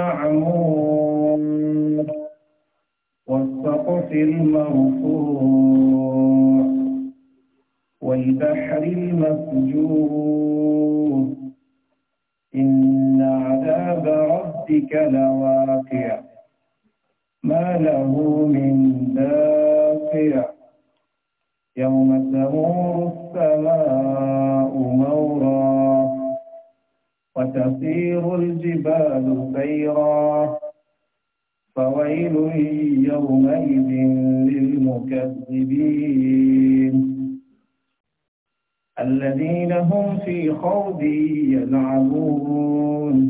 المعمور والسقف المرفوع والبحر المسجور إن عذاب ربك لواقع ما له من دافع يوم تمور السماء مورا وتسير الجبال سيرا فويل يومئذ للمكذبين الذين هم في خوض يلعبون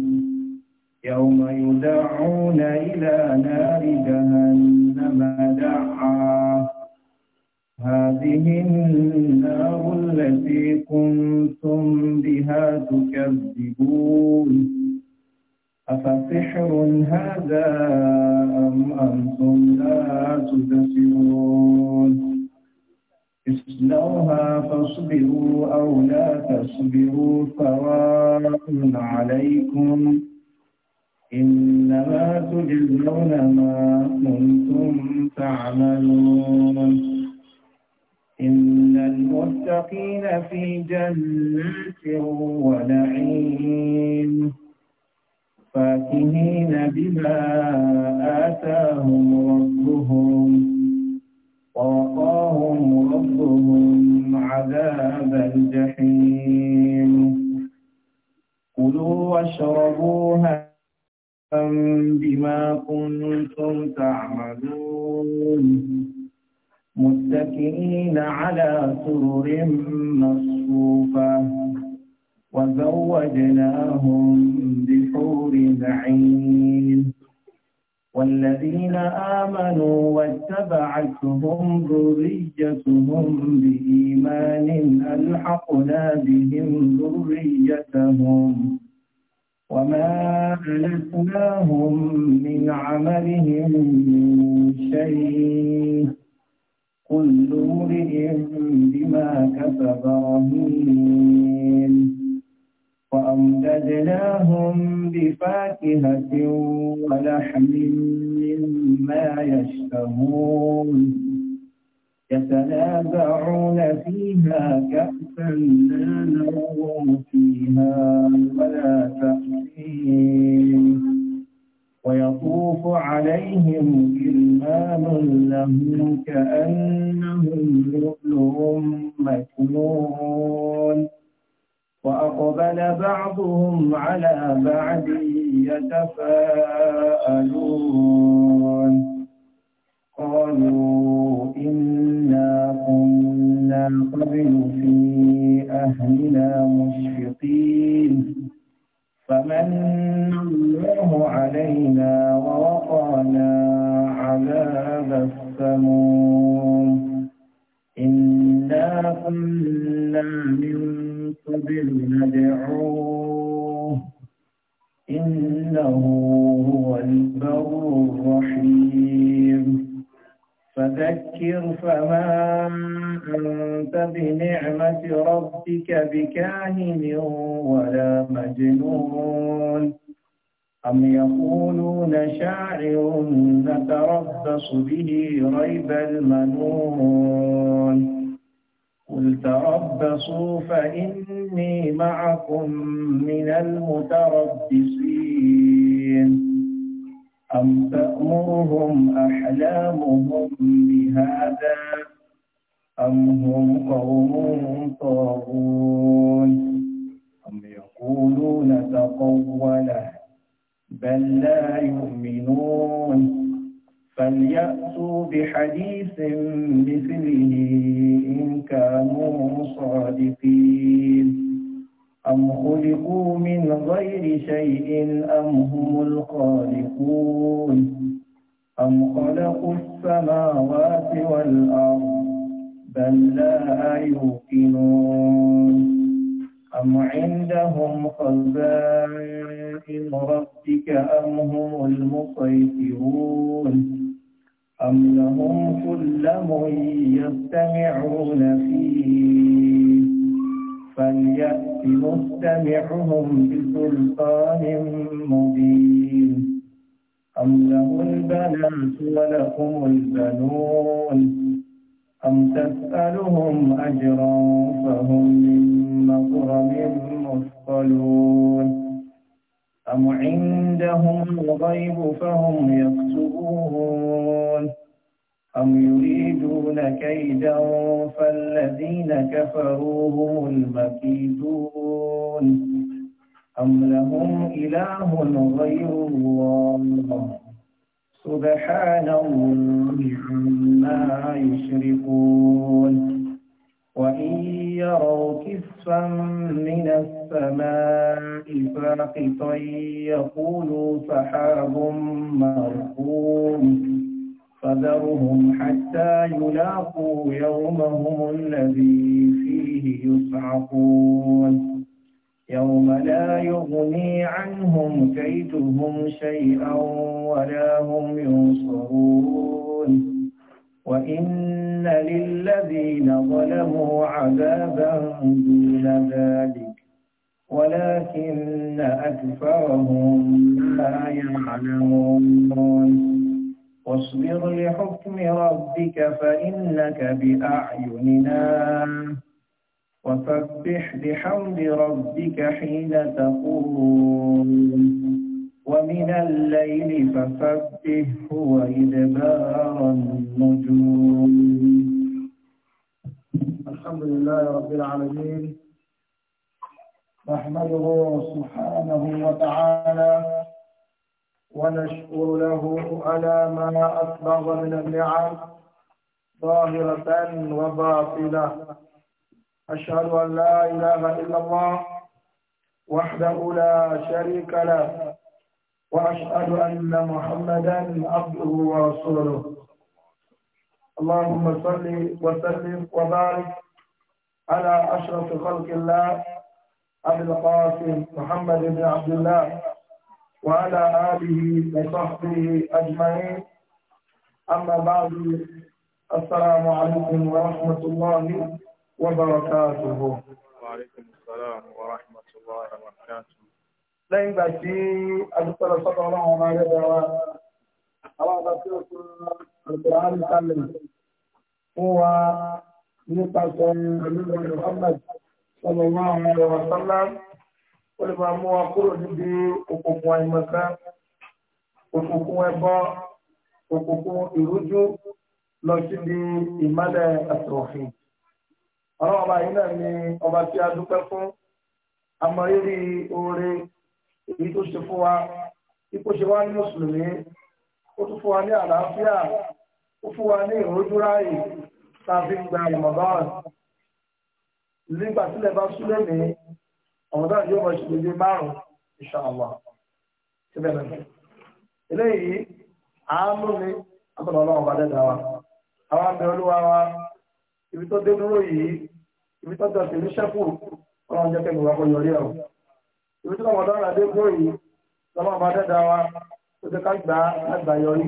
يوم يدعون إلى نار جهنم دعا هذه النار التي كنتم بها تكذبون أفسحر هذا أم أنتم لا تبصرون اصلوها فاصبروا أو لا تصبروا سواء عليكم إنما تجزون ما كنتم تعملون إن المتقين في جنات ونعيم فاكهين بما آتاهم ربهم ووقاهم ربهم عذاب الجحيم متكئين على سرر مصفوفة وزوجناهم بحور عين والذين آمنوا واتبعتهم ذريتهم بإيمان ألحقنا بهم ذريتهم وما ألفناهم من عملهم من شيء كل امرئ بما كسب رهين وأمددناهم بفاكهة ولحم مما يشتهون يتنازعون فيها كأسا لا نروا فيها ولا تأثيم ويطوف عليهم إلمان لهم كأنهم لؤلؤ مكنون وأقبل بعضهم على بعض يتفاءلون قالوا إنا كنا قبل في أهلنا مشفقين فمن الله علينا ووقعنا عذاب السموم إنا كنا من قبل ندعوه إنه هو البر الرحيم فذكر فما أنت بنعمة ربك بكاهن ولا مجنون أم يقولون شاعر نتربص به ريب المنون قل تربصوا فإني معكم من المتربصين أم تأمرهم أحلامهم بهذا أم هم قوم طاغون أم يقولون تقوله بل لا يؤمنون فليأتوا بحديث مثله إن كانوا صادقين أم خلقوا من غير شيء أم هم الخالقون أم خلقوا السماوات والأرض بل لا يوقنون أم عندهم خزائن ربك أم هم المسيطرون أم لهم سلم يستمعون فيه فليأت مستمعهم بسلطان مبين أم له البنات ولكم البنون أم تسألهم أجرا فهم من مغرم مثقلون أم عندهم الغيب فهم يكتبون أم يريدون كيدا فالذين كفروا هم المكيدون أم لهم إله غير الله سبحان الله عما يشركون وإن يروا كسفا من السماء فاقطا يقولوا سحاب مرقوم فذرهم حتى يلاقوا يومهم الذي فيه يصعقون يوم لا يغني عنهم كيدهم شيئا ولا هم ينصرون وإن للذين ظلموا عذابا دون ذلك ولكن أكثرهم لا يعلمون واصبر لحكم ربك فإنك بأعيننا وسبح بحمد ربك حين تقوم ومن الليل فسبحه وإدبار النجوم الحمد لله رب العالمين نحمده سبحانه وتعالى ونشكر له على ما أسبغ من النعم ظاهرة وباطلة أشهد أن لا إله إلا الله وحده لا شريك له وأشهد أن محمدا عبده ورسوله اللهم صل وسلم وبارك على أشرف خلق الله أبي القاسم محمد بن عبد الله وعلى آله وصحبه أجمعين أما بعد السلام عليكم ورحمة الله وبركاته وعليكم السلام ورحمة الله وبركاته lẹ́yìn ìgbà tí adúpẹ́lọ sọ́dọ̀ ọlọ́run ọmọ rẹ̀ bẹ̀rẹ̀ wa àwọn ọba tí ó fún ọ̀pọ̀ àríkàlẹ̀ fún wa nípasẹ̀ ìlú Muhammad sọ̀rọ̀ wọn àwọn ọ̀rọ̀ sọ́lá ó lè máa mú wa kúrò níbi òkùnkùn àìmọ̀kan òkùnkùn ẹbọ òkùnkùn ìrújú lọ síbi ìmọ́lẹ̀ ẹ̀sìn òfin ọlọ́run ọba yìí náà ni ọba tí a dúpẹ́ fún amọ̀rírì oore èyí tó ṣe fún wa ipò ṣe wá ní mùsùlùmí ó tún fún wa ní àlàáfíà ó fún wa ní ìrójú ráàyè tá a fi ń gba ìmọ̀gán nígbà tílẹ̀ bá súlẹ̀ ní ọmọdé yóò máa ṣe lójú márùn ìṣàlọ síbẹ̀ lọ́jọ́ eléyìí àánú ni àtọ̀nà ọlọ́run bá dẹ́dà wa àwọn àmì olúwa wa ibi tó dé dúró yìí ibi tó dọ̀tí ní sẹ́kù ọlọ́run jẹ́ kẹ́mi wá kó yọrí ẹ̀rọ ibi tó ọmọdé ọ̀rọ̀ adé dúró yìí lọ́lọ́run bá dẹ́dà wa tó ti ká gbà á gbà yọrí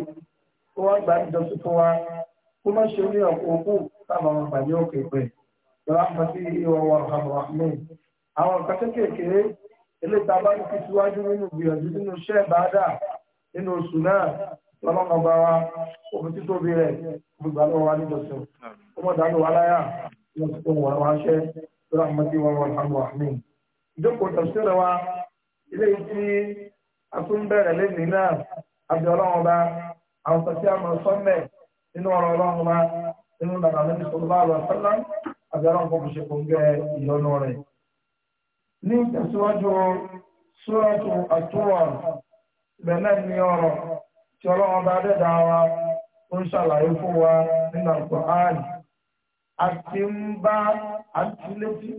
kó wá gbà ìjọsìn fún wa kó má ṣe ní ọ̀pọ̀ òkú táwọn ọmọ ìgbà àwọn nǹkan kéékèèké eléta bá ní síwájú nínú gbìyànjú nínú iṣẹ́ ìbáadà nínú oṣù náà lọ́lọ́mọ bá wa òfin títóbi rẹ̀ gbogbo àlọ́ wa níjọsìn ọmọdàánù wa láyà lọ sí ohun àwọn aṣẹ lọ́wọ́ àmọ́tí wọn wọn àmọ́ àmì. ìjókòó tẹ̀síọ́rẹ̀ wa ilé tí a tún bẹ̀rẹ̀ lẹ́nìí náà àbí ọlọ́run bá àwọn tẹ̀sí àmọ́ sọ́mẹ̀ nínú ọ̀rọ̀ ọlọ́run bá nínú nàbàlẹ́ nípa àbí ọlọ́run kò ṣe kò ń gẹ ìyọnu rẹ̀. ní ìtẹ̀síwájú sóòtù àtúwà bẹ̀lẹ̀ ní ọ̀rọ̀ tí ọlọ́run bá dẹ́dà wa ó ń ṣàlàyé fún wa nínú àpò áàlì àti ń bá àti létí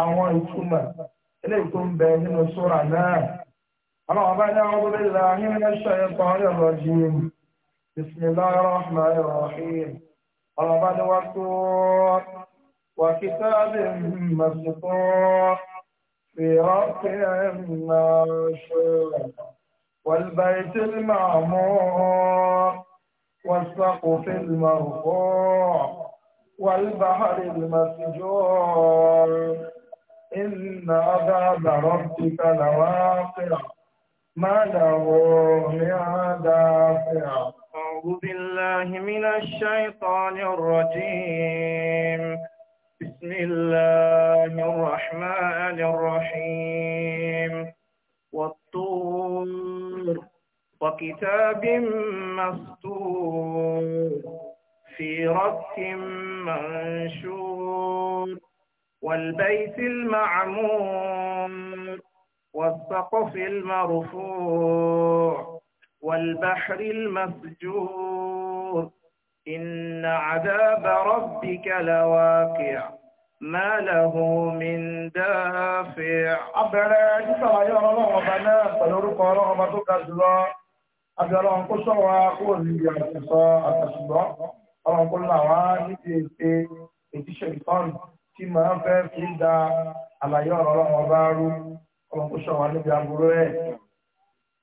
àwọn ìtumọ̀ eléyìí tó ń bẹ nínú náà ọlọ́run bá ní àwọn ìlà ní ilé iṣẹ́ ẹ̀kọ́ ọ̀rẹ́ ọ̀rọ̀ rahim ọlọ́run bá ní وكتاب مسطور في رق منشور والبيت المعمور والسقف المرفوع والبحر المسجور إن عذاب ربك لواقع ما له من دافع أعوذ بالله من الشيطان الرجيم بسم الله الرحمن الرحيم والطور وكتاب مسطور في رق منشور والبيت المعمور والسقف المرفوع والبحر المسجور إن عذاب ربك لواقع ما له من دافع أبرا جسوا يا الله وبنا فلورك الله وبرك الله أبرا أنكسر وأقول يا أنكسر أتسبع أنا أقول لا واني تي تي شيطان tí màá fẹ́ fi da àlàyé ọ̀rọ̀ ọlọ́run ọba rú ọlọ́run kó ṣọ̀wá níbi aburú ẹ̀.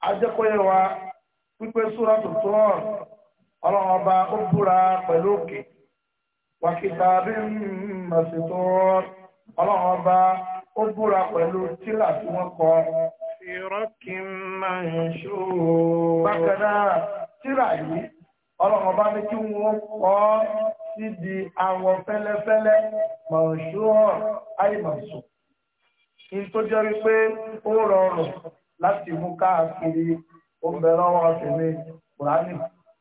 ajẹ́kọ̀yẹ wa pípé súra tòótọ́ ọlọ́run ọba ó búra pẹ̀lú òkè wàkìtàbí mọ̀sítọ́ ọlọ́run ọba ó búra pẹ̀lú tílà tí wọ́n kọ. ìrọ́kì máa ń ṣó. bákan náà tíra yìí ọlọ́run ọba ní kí wọ́n kọ́ síbi àwọn fẹ́lẹ́fẹ́lẹ́ mọ̀ṣúọ̀ àìmọ̀sùn. ní tó jẹ́ wípé ó rọrùn láti mú káàkiri ó lọ́wọ́ tèmi kùránì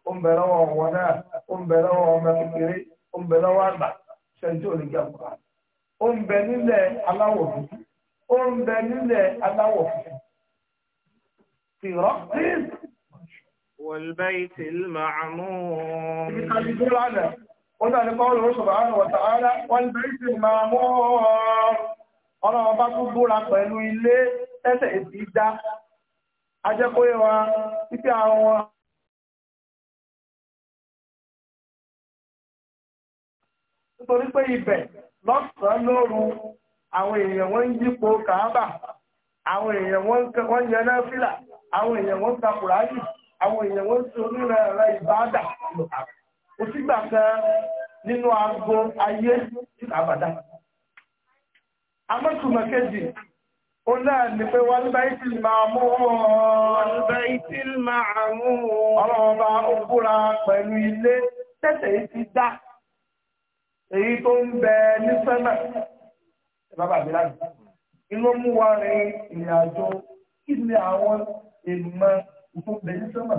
ó lọ́wọ́ wọn náà ó lọ́wọ́ ọmọ kékeré ó ń bẹ lọ́wọ́ àgbà ṣẹ́jú ò lè jẹ́ ọ̀pá ó ń bẹ nílẹ̀ aláwọ̀ dúdú ó ń bẹ nílẹ̀ aláwọ̀ funfun tìrọ́tì. والبيت المعمور. قلنا لقوله سبحانه وتعالى والبيت المعمور. ọ̀nà ọba tó búra pẹ̀lú ilé tẹ́tẹ̀ ìdí dá. ajẹ́kọ̀ọ́ wa títí àwọn torí pé ibẹ̀ lọ́sàn-án lóru àwọn èèyàn wọ́n ń yípo kàábà àwọn èèyàn wọ́n yẹn náà fìlà àwọn èèyàn wọ́n ta kùránì àwọn èèyàn wọ́n ti onírẹ̀ rẹ̀ ìbáàdà òsígbà kan nínú aago ayé àbàdà amọ́tùmọ̀ kejì ó náà ní pé wọ́n báyìí tí máa mú wọ́n báyìí tí máa mú ọlọ́ọ̀bá ó búra pẹ̀lú ilé tẹ́tẹ̀ẹ́ ti dá èyí tó ń bẹ ní sẹ́mà ẹ bá bàbí láti inú mú wa rin ìrìn àjò kí ni àwọn èèmọ̀ tó bẹ ní sẹ́mà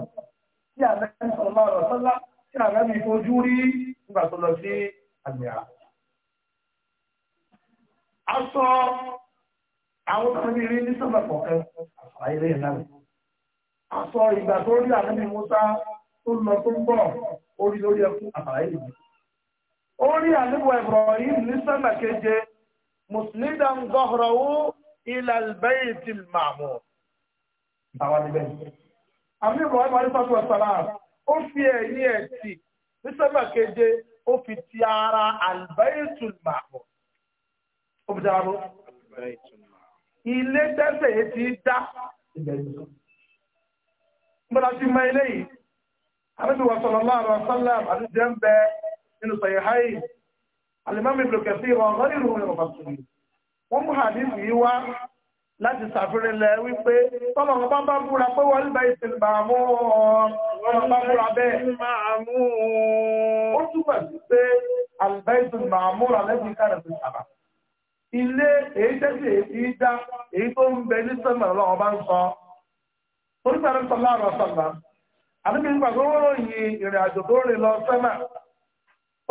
tí àlẹ́ sọ̀rọ̀ ọ̀rọ̀ sọ́lá tí àlẹ́ mi fojú rí nígbà tó lọ sí àmì a sọ àwọn obìnrin ní sẹ́mà kọ̀ọ̀kan àfààyè náà a sọ ìgbà tó rí àlẹ́ mi Musa tó lọ tó ń bọ̀ orí lórí ẹkún àfààyè náà ó rí àníwọ̀ Ibrahim ní sánà keje muslidan zahrahu ila albaytil ma'mur àwọn níbẹ̀ àmì Ibrahim alifatu wasalam ó fi ẹ̀yìn ẹ̀ tì ní sánà keje ó fi ti ara albaytil ma'mur ó fi dáhùn ilé tẹ́sẹ̀ yìí ti dá ìgbẹ̀yìn mọ́lá ti mọ ilé yìí àbẹ́bí wàsọ̀lọ́lá àrọ̀ sọ́lá àbájújẹ́ ń bẹ́ẹ̀ nínú sọ̀yẹ̀háì alimami blokẹ̀sí ìwọ̀n ọ̀rọ̀ ìlú ìrọ̀ pàtàkì wọ́n mú hadith yìí wá láti ṣàfihàn lẹ̀ wípé tọ́lọ̀ ọba bá búra pé wọ́n lè ṣe màmú ọ̀rọ̀ bá búra bẹ́ẹ̀ màmú ó túmọ̀ sí pé alibaitu màmú alẹ́bí kárẹ̀ sí sábà ilé èyí tẹ́sí èyí dá èyí tó ń bẹ ní sẹ́mọ̀ ọlọ́run bá ń sọ torí sáré sọlá àrọ̀ sọlá àdúgbò ìgbà tó rọrùn yìí ìrìn àjò tó rìn lọ sẹ́mà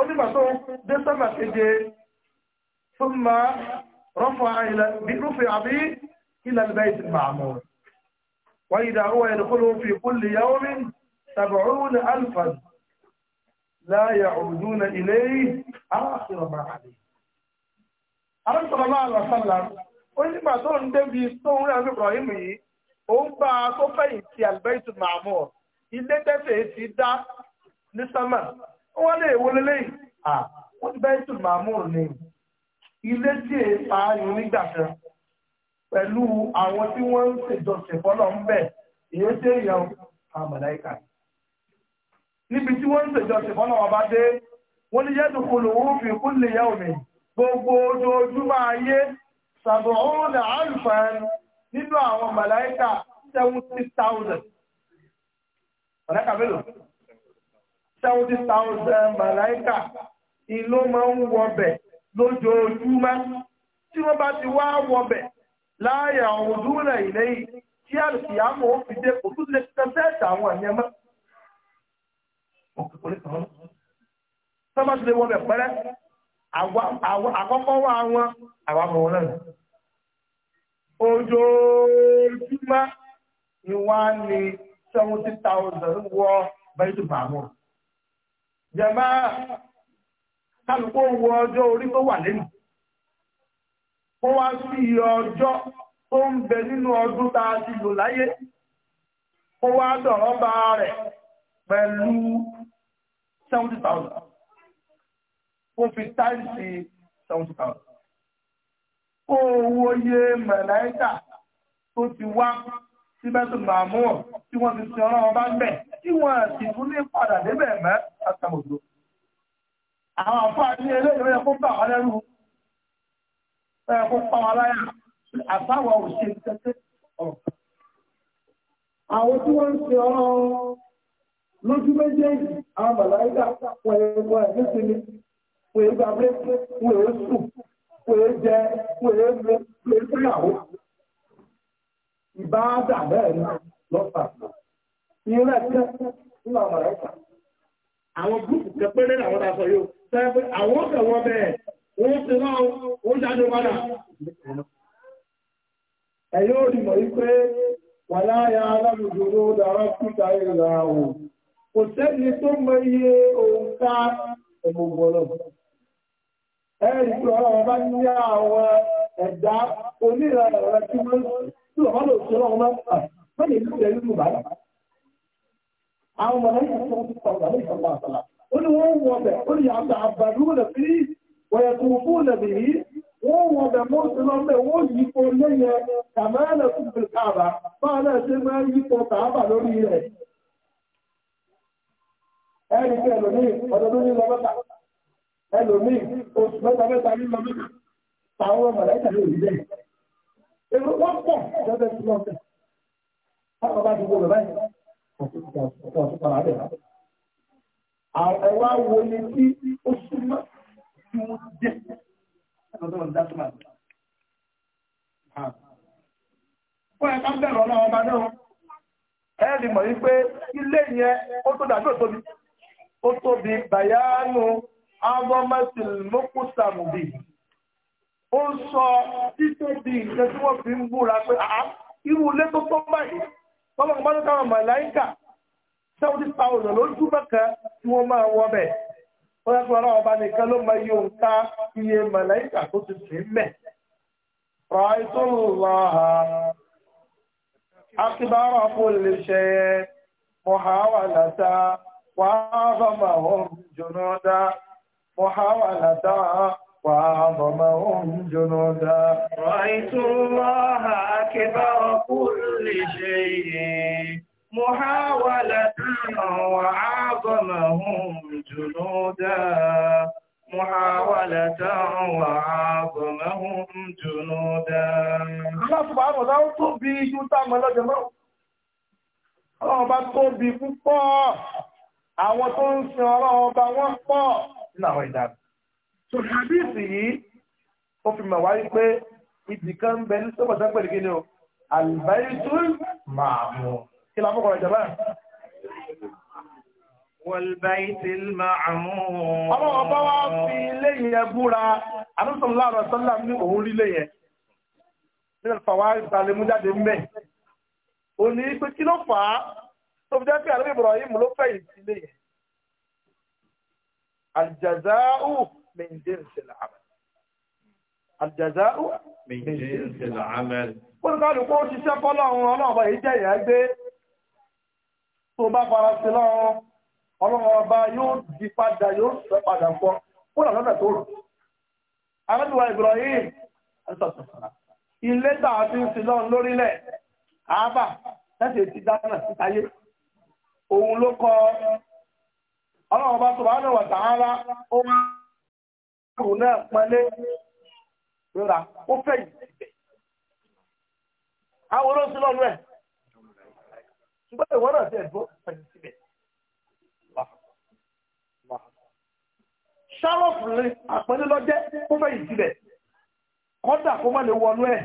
ó nígbà tó dé sọ́mà keje fún ma rọ́fọ̀ إلى البيت المعمور وإذا هو يدخله في كل يوم سبعون ألفا لا يعودون إليه آخر ما عليه أنا صلى الله عليه وسلم وإن ما تقول نبي سوى أبي إبراهيم òun bá a tó fẹ̀yìntì البيت المعمور ilé tẹ́fẹ̀ẹ́ ti dá ní sánmà wọ́n lè wo lélẹ́yìn à wọ́n ti bẹ́ẹ̀ tún màmúrù ni ilé tí è pààyàn nígbà kan pẹ̀lú àwọn tí wọ́n ń ṣèjọsìn fọ́lọ́ ń bẹ̀ èyí tí èèyàn àmàláìkà níbi tí wọ́n ń ṣèjọsìn fọ́lọ́ wọn bá dé wọ́n ní yẹ́dùn olówó fi kún lè yá omi gbogbo ojoojúmọ́ ayé sàbọ̀ òun nà àlùfàn nínú àwọn màláìkà seventy thousand màláìkà mélòó seventy thousand màláìkà ìlú máa ń wọbẹ̀ lójoojúmọ́ tí wọ́n bá ti wá wọbẹ̀ láàyè àwọn òdúnrà ilé yìí tí àlùkìyàmọ̀ ó fi dé kò tún lè tẹ́tẹ́ àwọn ẹ̀yẹ mọ́. Tọ́mọ́sílẹ̀ wọbẹ̀ pẹ́rẹ́ àkọ́kọ́ wà wọn àwọn ọmọ wọn lẹ́nu. Ojoojúmọ́ ni wọ́n á ní seventy thousand wọ bẹ́ẹ̀ tó bàá wọn jẹba kálukó ọjọ́ orí tó wà lẹ́nu kó wá sí ọjọ́ tó ń bẹ nínú ọdún tá a ti lò láyé kó wá dọ̀rọ̀ bá rẹ̀ pẹ̀lú 70,000 kó fi táìsì 70,000 kó owó yé mẹ̀láíkà tó ti wá sí bẹ́tùn màmúọ̀ tí wọ́n ti sin ọlọ́run bá ń bẹ̀ tí wọ́n sì tún ní padà débẹ̀ mẹ́ àtàmọ̀dó. Àwọn àfáà ní eléyìí kó bà wọ́n lẹ́rù ẹ̀ kó pa wọn láyà àbáwọ̀ ò ṣe tẹ́tẹ́ ọ̀rọ̀. Àwọn tí wọ́n ń ṣe ọ̀rọ̀ lójú méjèèjì àwọn màláìkà wọ̀ ẹ̀wọ̀ ẹ̀mí sí ni wọ́n èé gbàgbé wọ́n èé sùn wọ́n èé jẹ wọ́n èé mu wọ́n èé fúyàwó. Ìbáàdà bẹ́ẹ̀ ni lọ́sàtàn. ìrora ẹ̀kẹ́ nínú àwọn ọ̀rẹ́ kan àwọn gúúpù kẹpẹ́rẹ́ làwọn yóò sẹ́yìn àwọn ọ̀sẹ̀ bẹ́ẹ̀ wọ́n ti rán ó jáde padà ẹ̀ yóò rí wà láyà alábùdúró dára kíta ìrìnà àwọn kò sẹ́ni tó mọ iye ohun ká ọmọ ògbọ́lọ̀ ẹ̀rì bá ní àwọn ẹ̀dá àwọn mọ̀lẹ́yìn tó ń sọ ọ̀gá lẹ́yìn ọ̀gá àtàlà ó ní wọ́n wọ bẹ̀ ó ní yàtọ̀ àbàdú nà sí wọ̀yẹ̀kù fún nàbì yìí wọ́n wọ bẹ̀ mọ́ sí lọ bẹ̀ wọ́n yí po lẹ́yẹ kàmẹ́lẹ̀ fún fi kààbà máa náà ṣe máa yí po kààbà lórí rẹ̀. ẹnì kí ẹlòmíì ọdọọdún ní lọ́mọ́ta ẹlòmíì oṣù mẹ́ta mẹ́ta ní lọ́mọ́ta táwọn mọ̀lẹ́kà lè rí bẹ́ẹ̀. èrò wọ́n pọ̀ ọ̀tún padà bẹ̀ rà. Àwọn wa wo ni tí ó súnmọ́ tí wọ́n jẹ́ ọdún ọ̀dá tó máa dùn. Fún ẹ̀ka bẹ̀rẹ̀ ọ̀nà ọba náà, ẹ lè mọ̀ yí pé ilé yẹn ó tó dàbí òtóbi. Ó tóbi bàyánù Avọ́mẹ́sìl Mokúsàmùbì. Ó sọ títóbi nǹkan tí wọ́n fi ń búra pé àá irú ilé tó tó báyìí tọ́lọ́run bá ní káwọn màláíkà seventy thousand lójú bẹ́kẹ́ tí wọ́n máa wọ bẹ̀ ó yẹ kí ọlọ́run bá nìkan ló máa yóò ká iye màláíkà tó ti sè fún lè ṣe mọ̀háwàlátà wàhálà máa hàn jùlọ dá وأعظمهم جنودا رأيت الله أكبر كل شيء محاولة وأعظمهم جنودا محاولة وأعظمهم جنودا الله سبحانه وتعالى tóbi ju táàmù ọlọ́jọ́ náà ọlọ́run bá tóbi púpọ̀ àwọn tó ń sin ọlọ́run bá wọ́n pọ̀ nínú àwọn ìdàgbà so hadisi yìí ó fi mà wáyé pé ibì kan ń bẹ ní sọ́kọ̀ sápẹ̀ nìkan ni o albaitul ma'mur kí la fọ́kọ̀ ìjọba. Wal-baytil ma'mur. Ọmọ ọba wa fi ilé yẹn búra, àdúgbò láàrọ̀ sọ́lá ní òun rí ilé yẹn. Nígbà fàwa ìgbàlemú jáde ń bẹ̀. Òní pé kí ló fà á? tó fi jẹ́ pé àlébìbọ̀rọ̀ yìí mú ló fẹ́ ìdílé yẹn. Al-jaza'u من jinsil العمل، aljaza'u من jinsil العمل. wọ́n ká lùkọ́ ó ṣiṣẹ́ fọ́lọ́run ọlọ́ọ̀bọ̀ yìí jẹ́ ìyá gbé tó bá fara sí lọ́run ọlọ́run ọba yóò di padà yóò sọ padà fọ́ kó lọ lọ́dọ̀ tó rọ̀ arábìwá Ibrahim ilé tàà fi ń sin lọ́run lórílẹ̀ àábà láti ti dáná sítáyé òun ló kọ ọlọ́run ọba subhanahu wa ta'ala ó máa òun náà pọ́nlé rírà ó fẹ́ ìbẹ̀. àwọn olóṣù lọ́nu ẹ̀ ṣùgbọ́n ìwọ náà ti ẹ̀dùn pẹ̀lú síbẹ̀. ṣáròfù lè àpẹẹrẹ lọ́jẹ́ ó fẹ́ ìbẹ̀ kọ́dà kó má lè wọnú ẹ̀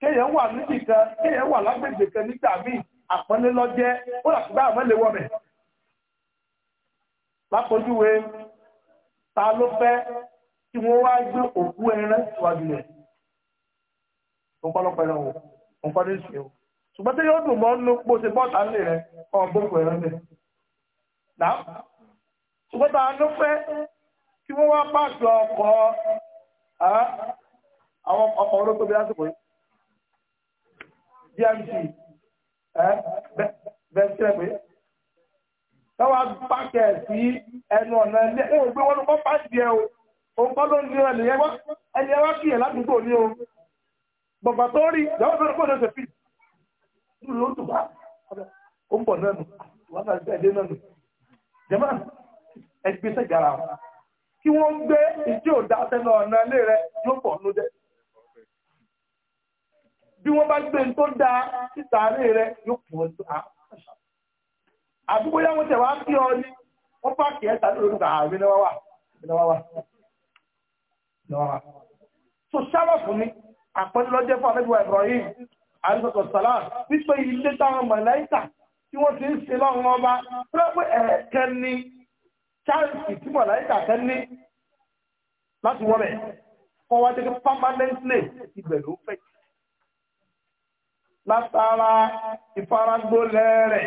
kéèyàn wà níbi kan kéèyàn wà lágbègbè kan nígbà míì àpẹẹrẹ lọ́jẹ́ ó làkúgbà àmọ́ lè wọ bẹ̀. lápòjúwe ta ló fẹ́ tí wọ́n wá gbé òkú ẹran síwájú rẹ̀ ọ̀pọ̀lọpọ̀ ẹran wò nǹkan ní ìṣe o ṣùgbọ́n tí yóò dùn mọ́ nínú bó ṣe bọ́ọ̀tà ńlẹ̀ rẹ̀ kọ́ gbogbo ẹran rẹ̀ náà ṣùgbọ́n ta ló fẹ́ tí wọ́n wá pàṣẹ ọkọ̀ àwọn ọkọ̀ orógbó bí lásìkò yìí dmc bẹ́ẹ̀ bẹ́ẹ̀ táwa pàṣẹ sí ẹnu ọ̀nà ilé ẹ̀ ò gbé wọn kọ́ pàṣẹ o òun kọ́ ló ń ní ẹni ẹwà ẹni ẹwà kì í ládùúgbò ní o bàbá tó rí ìyàwó fẹ́rẹ̀ fún ọ̀sẹ̀ fi ló tù bá ó ń bọ̀ náà nù wọ́n náà ṣe ẹ̀dẹ́ náà nù jẹ́mọ́ ẹgbẹ́ sẹ́gàrà kí wọ́n gbé ìdí òdà sẹ́nu ọ̀nà ilé rẹ yóò pọ̀ nù dẹ́ bí wọ́n bá gbé tó dáa títà rẹ̀ yóò pọ̀ nù dẹ́ àdúgbò yá wọ́n tẹ̀ wá sí ọ ní wọ́n pààkì ẹ̀ta ní orúkọ ààrẹ náà wà náà wà náà wà. so sábà fún mi àpẹẹrẹ lọ́jẹ́ fún abẹ́bíwá Ibrahim àrísọ̀tọ̀ salam wípé ilé táwọn mọ̀láìkà tí wọ́n ti ń ṣe lọ́wọ́ ọba pẹ́pẹ́ ẹ̀ẹ̀kẹ́ ni cháǹsì tí mọ̀láìkà kẹ́ ní láti wọ́ bẹ̀ kọ́ wá jẹ́kẹ́ permanently ibẹ̀ ló fẹ́ látara ìfaragbólẹ̀ rẹ̀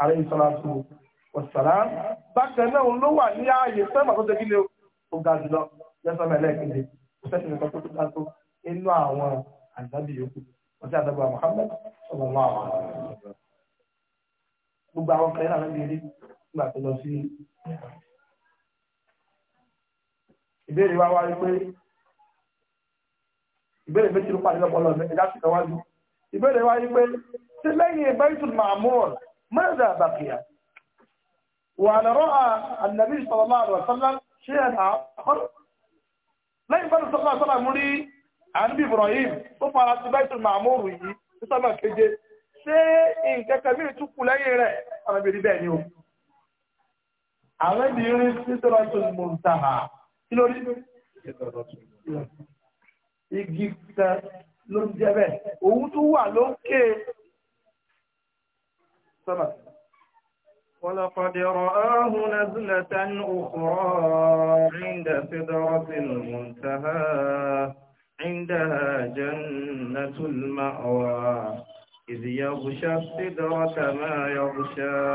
ààrẹ ìsọ́láṣù ọ̀sàrá bákan náà ló wà ní ààyè sẹ́mà tó tẹ́kí lé o ga jùlọ lẹ́sọ̀mọ̀ ẹlẹ́ẹ̀kejì ìṣẹ́sìn nǹkan tó tó ga tó inú àwọn àdábì yòókù wọ́n ti àdábà Muhammad sọ̀rọ̀ gbogbo àwọn kan yẹn náà lẹ́bi rí nígbà tó lọ sí ìbéèrè wa wá wípé ìbéèrè méjì ló pàdé lọ́pọ̀lọpọ̀ ẹ̀dá sì kọ́ wájú ìbéèrè wa wípé ṣé lẹ́yìn ìbẹ́yìtù màmúrọ̀ ماذا بقي وأن رأى النبي صلى الله عليه وسلم شيئا آخر لا يبقى صلى الله عليه وسلم لي عن إبراهيم ثم على بيت المعمور يسمى كجي شيء كبير تقول لي أنا بريباني يوم àwọn ìbìrin sídọ́rọ̀ tó mọ̀ntàhà kí ló rí igi kan ló السماء ولقد رآه نزلة أخرى عند سدرة المنتهى عندها جنة المأوى إذ يغشى السدرة ما يغشى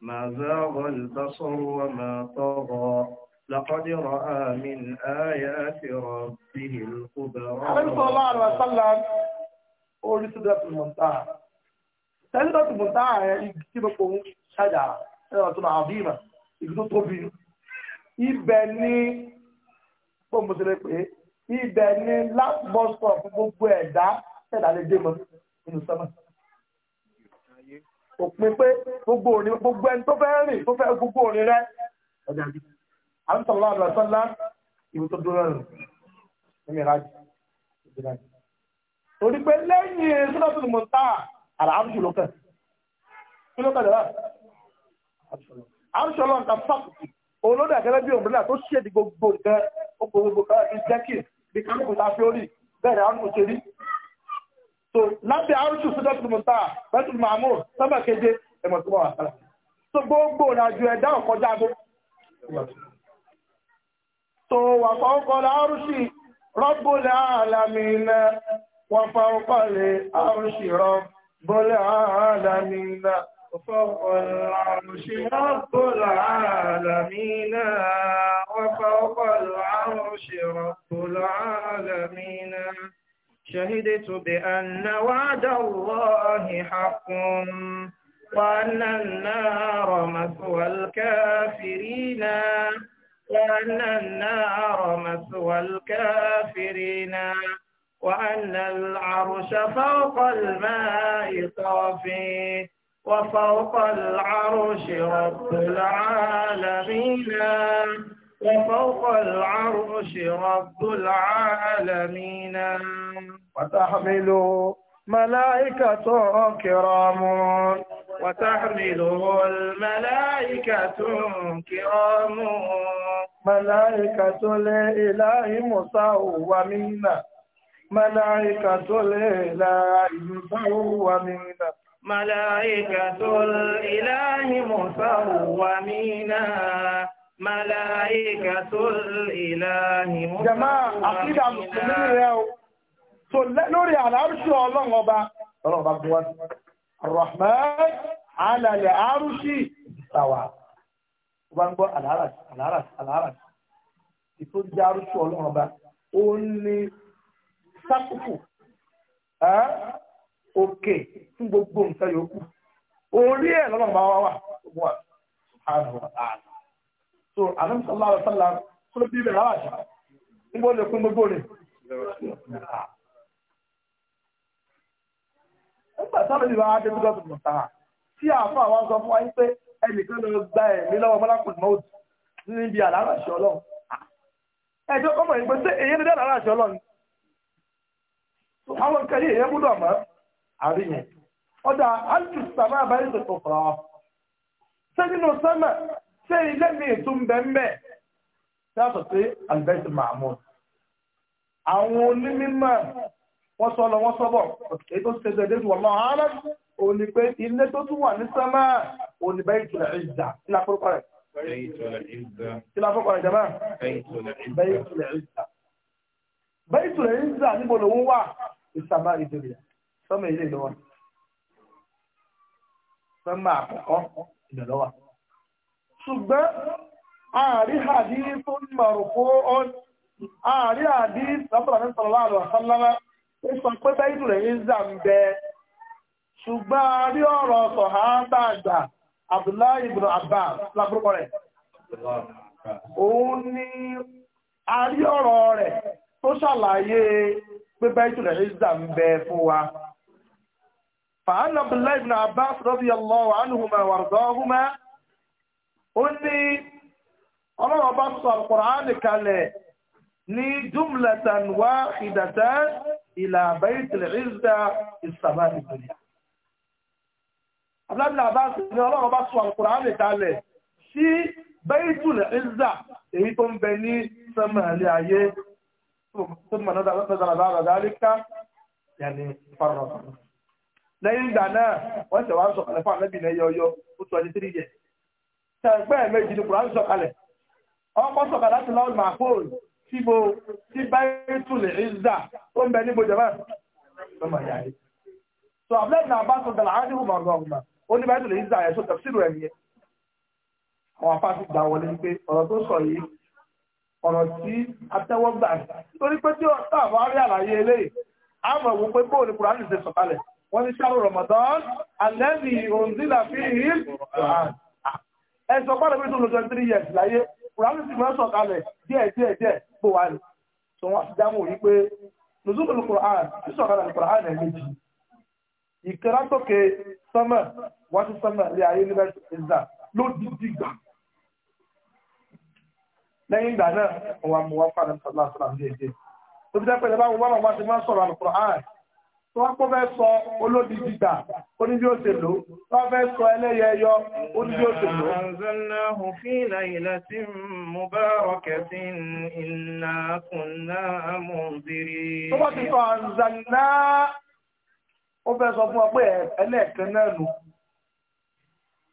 ما زاغ البصر وما طغى لقد رأى من آيات ربه الكبرى النبي صلى الله عليه وسلم قول سدرة المنتهى tẹ́lifíṣọ́tù mọ̀tá ẹ̀ igi tí mo pòun ṣájà ẹ̀rọ tó náà àbímà igi tó tóbi ibẹ̀ ní bó mo ṣe lè pè é ibẹ̀ ní last bus stop gbogbo ẹ̀dá ẹ̀dá lè dé mọ́ nínú sọ́mà. òpin pé gbogbo òní gbogbo ẹni tó fẹ́ rìn tó fẹ́ gbogbo òní rẹ ọjà bí à ń sọ̀rọ̀ àdúrà sọ́lá ìwé tó dúró rẹ̀ ní mi torí pé lẹ́yìn sọ́dọ̀tún mọ̀tá àràárùsù ló kàn kí ló kàn lọ́wọ́ àrùsù ọlọ́run kan fáàkì olódò àgẹ́gẹ́ bí òmìnira tó ṣe di gbogbo nǹkan okòwò gbogbo kan ní jẹ́kì bí kálukú ta fi orí bẹ́ẹ̀ ni àrùsù ṣe rí so lábẹ́ àrùsù sọ́jọ́ tó mọ̀ táà bẹ́ẹ̀ tó mọ̀ àmúrò sábà keje ẹ̀mọ̀ tó mọ̀ wà sára so gbogbo ìrìnàjò ẹ̀dá ọ̀kọjá gbó so wà fọ́ọ̀kọ́ lárùsì rọ́gbó láàlámì iná wà fọ́ọ̀kọ́ lè àrùsì rọ́gbó رب العالمين وفوق العرش رب العالمين وفوق العرش رب العالمين شهدت بأن وعد الله حق وأن النار مثوى الكافرين وأن النار مثوى الكافرين وأن العرش فوق الماء طافي وفوق العرش رب العالمين وفوق العرش رب العالمين وتحمله ملائكة كرام وتحمله الملائكة كرام ملائكة الإله مصومين ملائكة الإله مسومين ملائكة الإله مسومين ملائكة الإله مسومين جماعة عقيدة مسلمين ياو so lórí àlárùsù ọlọ́run ọba ọlọ́run ọba tó wá sí Ar-Rahman ala al-arshi istawa ó bá ń gbọ́ àlárà àlárà àlárà ìtòjú àrùsù ọlọ́run ọba ó ní sákùkù òkè fún gbogbo nǹkan yòókù orí ẹ̀ lọ́nà bá wá wà gbogbo wa subhanahu wa ta'ala so àdúgbò sọlá ọ̀sánlá tó bí ibẹ̀ láwà ṣá nígbà ó lè pín gbogbo rẹ̀. nígbà sábà ìlú àwọn adé bíkọ́ tuntun sáà tí àáfà wa sọ fún wa pé ẹnìkan ló gba ẹ̀mí lọ́wọ́ mọ́lákùnrin mọ́ọ̀tì níbi àlàáfà ṣọlọ́ọ̀ ẹ̀jọ̀ kọ́mọ̀ yìí èyí ni dáadáa ṣọlọ́ọ̀ ni àwọn nǹkan yìí èèyàn gbúdọ̀ mọ́ àríyìn ọjà àti sàmà àbáyé tuntun fún ọ ṣé nínú sẹ́mẹ̀ ṣé ilé mi tún bẹ́ẹ̀ yàtọ̀ sí albert mahmood àwọn onímọ̀ wọ́n sọ lọ wọ́n sọ bọ̀ èyí tó ṣe déédéé wọ̀ lọ́wọ́ ara ò ní pé ilé tó tún wà ní sẹ́mẹ̀ ò ní bẹ́ẹ̀ tulẹ̀ ìjà kí la fọ́kọ̀ rẹ̀ kí la fọ́kọ̀ rẹ̀ jẹ́ bẹ́ẹ̀ bẹ́ẹ̀ tulẹ̀ ìjà bẹ́ẹ̀ tulẹ̀ ìjà níbo lòun wà. ìsàmà ìdòrìyà sọ́mà ilé ìlọ́wà sọ́mà àkọ́kọ́ ìlọ́wà. ṣùgbọ́n ààrí àdí tó ń mọ̀rọ̀ fún ọ́n ààrí àdí lábúrò ní sọ̀rọ̀ láàrọ̀ sálámà ó sọ pé báyìí rẹ̀ ń zà ń bẹ ṣùgbọ́n ààrí ibn Abbas pé Baitul Izza ń bẹ fún wa fàánà Abdullahi ibn Abbas radiyallahu anhuma wardahuma ó ní ọlọ́wọ́ bá sọ Al-Qur'an kalẹ̀ ní jumlatan wahidatan ila Baitul Izza ìsàmà ìdúnyà Abdullahi ibn Abbas ní ọlọ́wọ́ bá sọ Al-Qur'an kalẹ̀ sí ثم نزل بعد ذلك يعني فرغ lẹ́yìn ìgbà náà wọ́n ṣe wàá sọ̀kalẹ̀ fún àlẹ́bí ilẹ̀ yọyọ ó twenty three years ṣàgbẹ́ méjì ni kùrán sọ̀kalẹ̀ ọkọ̀ sọ̀kalẹ̀ láti lọ́wọ́ mahfoul síbo tí Baitul Izza tó ń bẹ níbo jẹ̀mọ́ lọ́mọ ìyá rẹ̀ so abdulayi náà bá sọ dàlá ádìhùn mọ̀ọ́dún ọ̀gbọ̀n ó ní Baitul Izza yẹn so tafsiru ẹ̀ nìyẹn àwọn afáàsì gbà wọlé pé ọ̀rọ̀ tó ọ̀rọ̀ tí atẹ́wọ́gbà nítorí pé tí ọ̀tá àwọn arí àlàyé eléyìí a mọ̀ wọ́n pé bóòlù kùránì ṣe sọ̀kalẹ̀ wọ́n ní ṣáàrù Ramadan alẹ́bí òǹzílà fi hí ẹ̀sọ̀ pàdé pé tó lọ twenty three years láyé kùránì sì máa sọ̀kalẹ̀ díẹ̀ díẹ̀ díẹ̀ bó wà ní tó wọ́n ti dáhùn yìí pé lùzúmùlù kùránì tí sọ̀kalẹ̀ kùránì ẹ̀ méjì ìkẹrà tókè sọmọ wọ́n ti sọmọ ilé ayé nígbà ìzà lódìdí gbà lẹ́yìn ìgbà náà wọ́n wá mú wá fún àdàmú sọ̀rọ̀ àṣọ àmì èdè tó fi jẹ́ pé ìjọba wọn wọn ti máa sọ̀rọ̀ àlùkò ààrẹ tó wá kó fẹ́ sọ olódi dìgbà ó ní bí ó ṣe lò tó wá fẹ́ sọ ẹlẹ́yẹ ẹyọ ó ní bí ó ṣe lò. anzalnahu tó bá ti sọ àǹzàlá ó fẹ́ sọ fún ọ pé ẹlẹ́ẹ̀kan náà nù.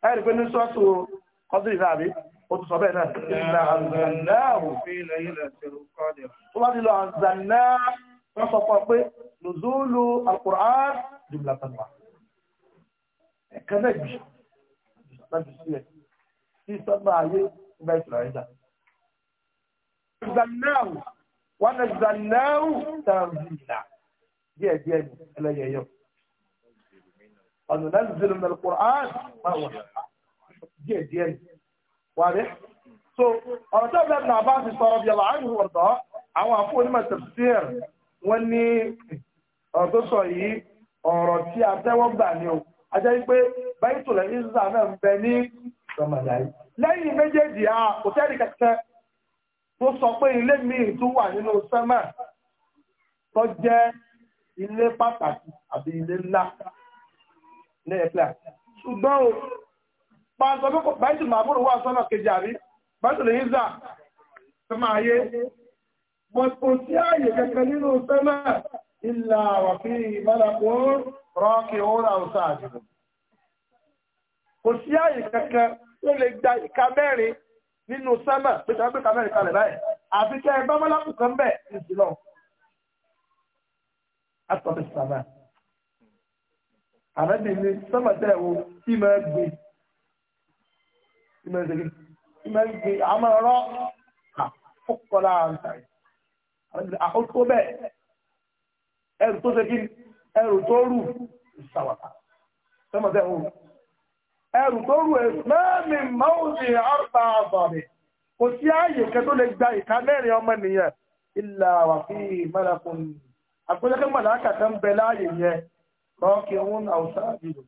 ẹ̀rí pé ní sọ́ọ̀tù ọdún ìlà rí ó tún sọ bẹ́ẹ̀ náà ìlà àzànáàwò tó bá nílò àzàná wọ́n sọ fún ọ pé nùzúlù alkùrán jùmlá tàbí ẹ̀kan náà jù láti sílẹ̀ sí sọ́nà ayé ìgbà ìtura ẹ̀dá. Zannáwò wọ́n na zannáwò tàbílà díẹ̀ díẹ̀ ní ẹlẹ́yẹ Ọ̀nà náà zìlùmọ̀ alkùrán máa wọ̀ díẹ̀ díẹ̀ ní wà so ọ̀rọ̀ tó bẹ́ẹ̀ náà bá ti sọ̀rọ̀ bí ọ̀la àìní wọ̀tọ̀ àwọn àfọ onímọ̀ tafsir wọ́n ní ọ̀rọ̀ tó sọ yìí ọ̀rọ̀ tí a tẹ́wọ́ gbà ni o ajá yìí pé Baitul Izza náà ń bẹ ní rọmọdáyì lẹ́yìn méjèèjì a kò tẹ́rì kankan tó sọ pé ilé míì tún wà nínú sẹ́mà tó jẹ́ ilé pàtàkì àbí ilé ńlá ní ẹ̀pẹ́ pàǹsọ̀ pé báyìí màbúrò wà sọ́nà kejì àrí báyìí lè yíza tó máa yé kò sí ààyè kankan nínú sẹ́nà ìlà àwàfí ìmọ́lẹ̀kùn rọ́ọ̀kì òun àwùsà àjùmọ̀ kò sí ààyè kankan tó lè gba ìka mẹ́rin nínú sẹ́nà pẹ̀sẹ̀ pé ìka mẹ́rin kalẹ̀ báyìí àfi kẹ́ ẹ bá kan bẹ̀ ìsìlọ̀ àtọ̀bẹ̀ sàmà àrẹ́bìnrin sọ́mọ̀tẹ́ wo tí máa gbé ìmẹ̀lẹ́gbẹ̀ àmọ́ ọ̀rọ̀ àfọ́kọ́lá àǹtàrí àkókò bẹ́ẹ̀ ẹrù tó ṣe kí ẹrù tó rù ìṣàwàtà sẹ́mọ̀tẹ́ òun ẹrù tó rù mẹ́mí mọ́ọ̀sì àrùbá àbọ̀rẹ̀ kò sí ààyè kẹ tó lè gba ìka mẹ́rin ọmọ nìyẹn ìlà wà fí mẹ́rakùn àpẹẹrẹ mọ̀láàkà kan bẹ láàyè yẹn lọ́ọ̀kì òun àwùsá àbìlù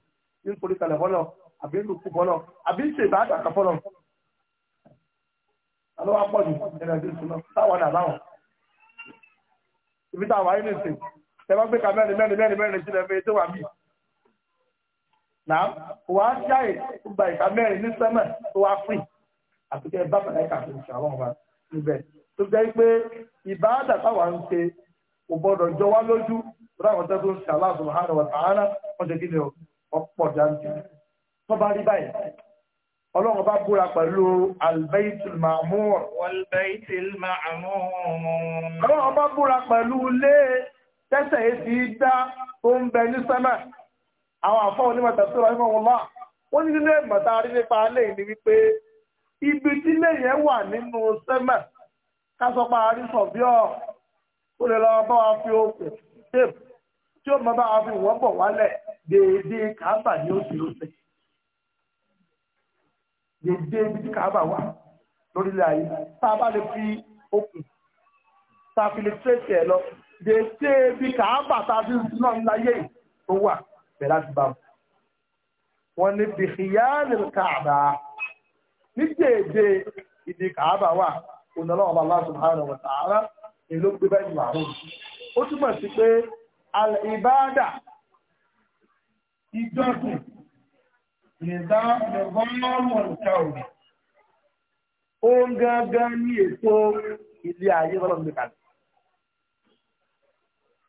àbí lùkù bọ́lọ̀ àbí ṣe ìbáàdà kan fọ́lọ̀ alówó pọ̀ jù nínú ẹ̀dùn ìṣúná táwọn náà láwọn ibi táwọn ayé nìsín ẹ bá gbé ka mẹ́rin mẹ́rin mẹ́rin mẹ́rin sílẹ̀ fún ètò wà mí náà wà á ṣáyè gba ìka mẹ́rin ní sẹ́mẹ̀ tó wá fún àtúkẹ́ bá bàtà ìka fún ìṣàwọn ọba níbẹ̀ tó jẹ́ pé ìbáàdà táwọn ń ṣe kò gbọ́dọ̀ jọ wá lójú láwọn tẹ́tù ń ṣe Allah subhanahu wa ta'ala wọ́n ṣe kí ni tó bá rí báyìí ọlọ́run bá búra pẹ̀lú albaitul ma'mur walbaitul ma'mur ọlọ́run bá búra pẹ̀lú ilé tẹ́sẹ̀ èsì dá tó ń bẹ ní sẹ́mẹ̀ àwọn àfọ́ onímọ̀tà tó rọ ìmọ̀ wọn lá wọ́n ní nílé ìmọ̀tà rí nípa lẹ́yìn ni wípé ibi tí lẹ́yìn wà nínú sẹ́mẹ̀ kásọpá àrísọ̀ bí ọ̀ ó lè lọ bá wa fi okùn tí ó mọ bá wa fi wọ́n wálẹ̀ déédéé kàábà ní oṣù lọ́sẹ̀ dédé ibi tí kàábà wà lórílẹ̀ ayé tá a bá lè fi okùn tá a fi lè tẹ̀sí ẹ̀ lọ dédé ibi kàábà tá a fi náà ń láyé tó wà bẹ̀rẹ̀ láti bá wọn ní bìkìyà ní kàábà ní dédé ibi kàábà wà onálọ́wọ́ Allah subhanahu wa ta'ala èló pé bẹ́ẹ̀ ni àrùn ó túmọ̀ sí pé al ìjọsìn nìbámọ̀ káwùrì ó ń gángan ní ètò ilé ayé bọ́lọ̀ ka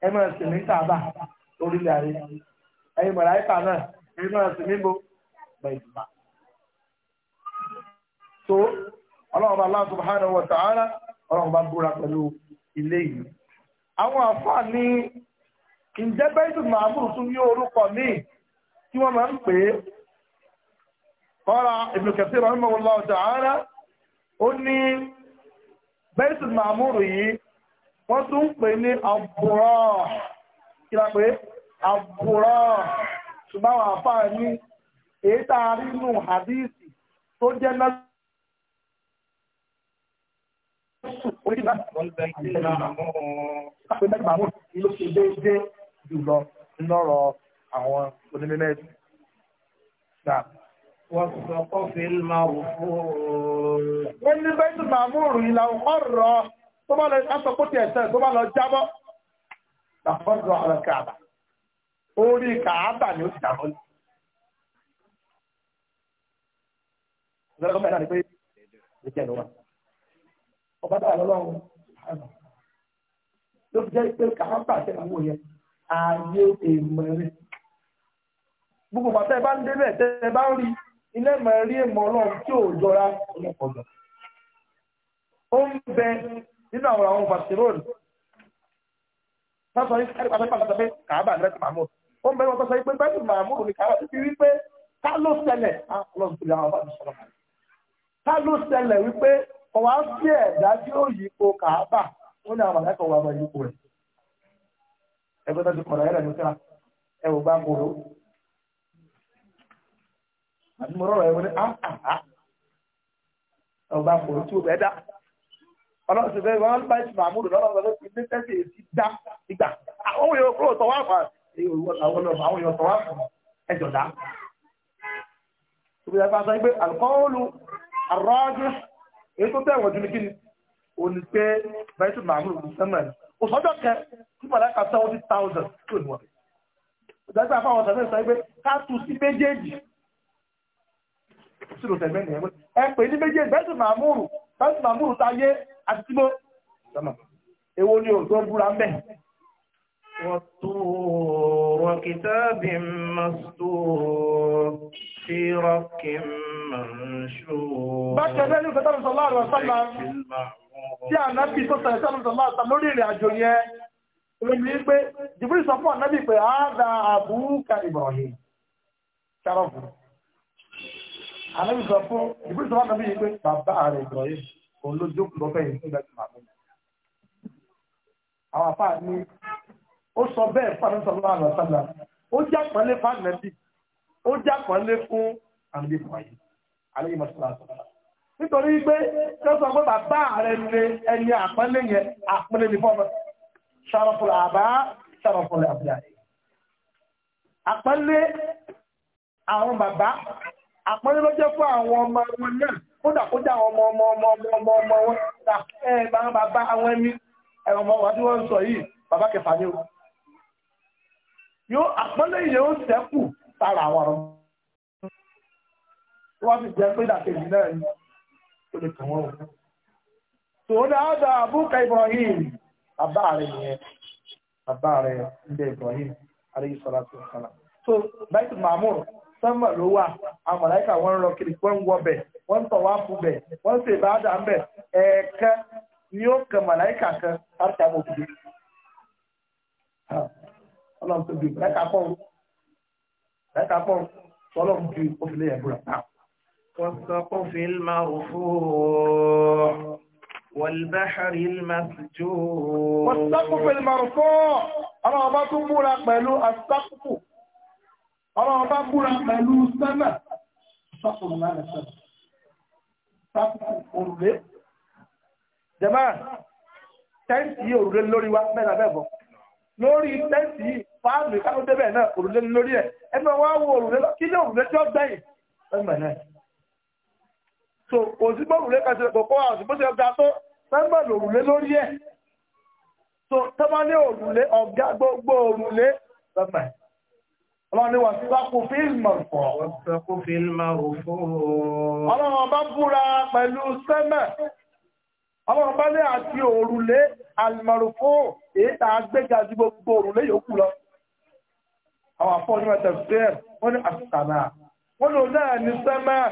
ẹ máa sì ní tàbá orílẹ̀ ayé ẹ̀yin mọ̀láìkà náà ẹ máa sì níbo bẹ̀rẹ̀ so ọlọ́run Allah subhanahu wa ta'ala ọlọ́run bá búra pẹ̀lú ilé yìí àwọn àfáà ní tún ní orúkọ míì tí wọ́n máa ń pè é kọ́ra Ibn Kathir rahimahullahu ta'ala ó ní Baitul Ma'muru yìí wọ́n tún pè ní àbúrọ̀ kí la pé àbúrọ̀ ṣùgbọ́n àwọn àfáà ní èyí tá a rí nù hadisi tó jẹ́ náà ló ṣe déédéé jùlọ lọ́rọ̀ àwọn onímẹ́mẹ́sì. والسقف المرفوع wọ́n ní bẹ́ẹ̀tù màmúrù ìlà ọ̀rọ̀ tó bá lọ aṣọ́pọ̀ ẹ̀sẹ̀ tó bá lọ jábọ́ làfọ́dọ̀ ọ̀rọ̀ kààbà orí kààbà ni ó ti dàbọ́ lọ. ìgbàlódé mẹ́ta ni pé ìjẹ́ ló wà ọba dára lọ́lọ́run ilé ìmọ̀ rí èmọ̀ ọlọ́run tí ò jọra ọlọ́kọ̀ọ́gbọ̀n. ó ń bẹ nínú àwọn àwọn barcelona sọ́sọ́ yìí kárí pàtàkì pàtàkì kàábà ní rẹ́tì mahmoud ó ń bẹ wọn pé bẹ́ẹ̀ni ní kàábà wípé ká ló àwọn sọ̀rọ̀ ká ló wípé ọ̀wá sí ẹ̀dá tí ó yí ipò kàábà ó ní àwọn àlẹ́kọ̀ọ́ yí ipò rẹ̀ ẹgbẹ́ tó ti àti mo rọrọ ẹ̀wọ̀n ní ah, àhàhà ah, ah. ọba kò tí o bẹ dá ọlọ́run ti fẹ́ wọn bá ti mahmud lọ́wọ́ ọ̀rọ̀ ti ní tẹ́sí èsì dá ìgbà àwọn èèyàn kúrò tọ́wọ́ àpá àwọn èèyàn tọ́wọ́ àpá ẹjọ̀ dá. Ìgbìyànjú àti àgbẹ̀ alukọ́ọ̀lù àrọ́jú èyí tó tẹ̀wọ̀n jù ní kí ni o ní pé bẹ́ẹ̀tì mahmud kò sẹ́mẹ̀ ní. Òsọ́jọ́ kẹ tí màláìka seventy thousand tó ní wọn. Ìjọba àfọwọ́sọ̀ fẹ́ sọ pé ká tù sínú tẹ̀gbẹ́ nìyẹn pé ẹ pè ní méjì bẹ́sù màmúrù bẹ́sù màmúrù o tó ń búra mbẹ. وطور كتاب مسطور في رق منشور بكر النبي صلى الله عليه وسلم tí ànábì tó sọ̀rọ̀ sọ́nà tó máa ta lórí ìrìn àjò yẹn omi pé jìbìrì àlẹ́bí sọ fún ìbúrú sọ fún àbíyí pé bàbá rẹ̀ gbọ́ yìí òun ló jókòó lọ́bẹ̀ yìí fún ìgbàgbọ́ àbí. àwọn afá ni ó sọ bẹ́ẹ̀ fún àbí sọ̀rọ̀ àlọ́ sábà ó já pọ́nlé fún ànẹ́bí ó já pọ́nlé fún ànẹ́bí bọ̀yì àlẹ́bí mọ̀sálà sọ̀rọ̀. nítorí pé ó sọ pé bàbá rẹ̀ ni ẹni àpọ́nlé yẹn àpọ́nlé ni fọ́ọ̀mù sàrọ̀fọ̀lá àbá sàrọ̀fọ̀lá àbúyá àpọ́nlé ló jẹ́ fún àwọn ọmọ wọn náà kódà kó àwọn ọmọ ọmọ ọmọ ọmọ ọmọ ọmọ wọn ta ẹ bá bàbá àwọn ẹni ẹ̀rọ ọmọ wa tí wọ́n ń sọ yìí bàbá kẹfà ni o yóò àpọ́nlé yìí sẹ́kù sára àwọn ọmọ wọ́n jẹ́ sánmà ló wà àmàlàíkà wọn rọ kiri wọn ń wọbẹ wọn ń tọ wá fún bẹ wọn ń ṣèbá dà ń bẹ ẹ̀ẹ̀kan ni ó kan màlàíkà kan láti àbò òkú ọlọ́run pọ̀ màlàíkà pọ̀ ọlọ́run ju òfin lẹ́yìn ẹ̀bùrọ̀ náà. والسقف المرفوع والبحر المسجور والسقف المرفوع أنا أبا تقول أقبلوا السقف ọlọ́run bá búra pẹ̀lú sẹ́mẹ̀ sọ́kùnrin lára sẹ́mẹ̀ sáfùkù òrùlé jẹ́mọ́ tẹ́ǹtì yìí òrùlé lórí wa mẹ́ta bẹ́ẹ̀ bọ̀ lórí tẹ́ǹtì yìí fáàmì káwọn débẹ̀ náà òrùlé lórí ẹ̀ ẹgbẹ́ wa wo òrùlé kí ní òrùlé tí ó gbẹ̀yìn ẹgbẹ́ náà so òsínbó òrùlé kan ṣe kókó òsínbó ṣe ọgá tó mẹ́mbà lòrùlé lórí ẹ̀ so tọ́mọ́ ní òrùlé ọ̀gá gbogbo òrùlé mẹ́mbà Ọlọ́run ni wà sí bá kú fíìmọ̀ fọ́. Wọ́sẹ̀kú fíìmọ̀ òfò. Ọlọ́run bá búra pẹ̀lú sẹ́mẹ̀. Ọlọ́run bá lé àti òrùlé àlùmọ̀rùfò èyí tà á gbéga ju gbogbo òrùlé yòókù lọ. Àwọn àfọ́ ní wọ́n tẹ̀sí ẹ̀ wọ́n ní àṣìṣànà. Wọ́n lò náà ní sẹ́mẹ̀.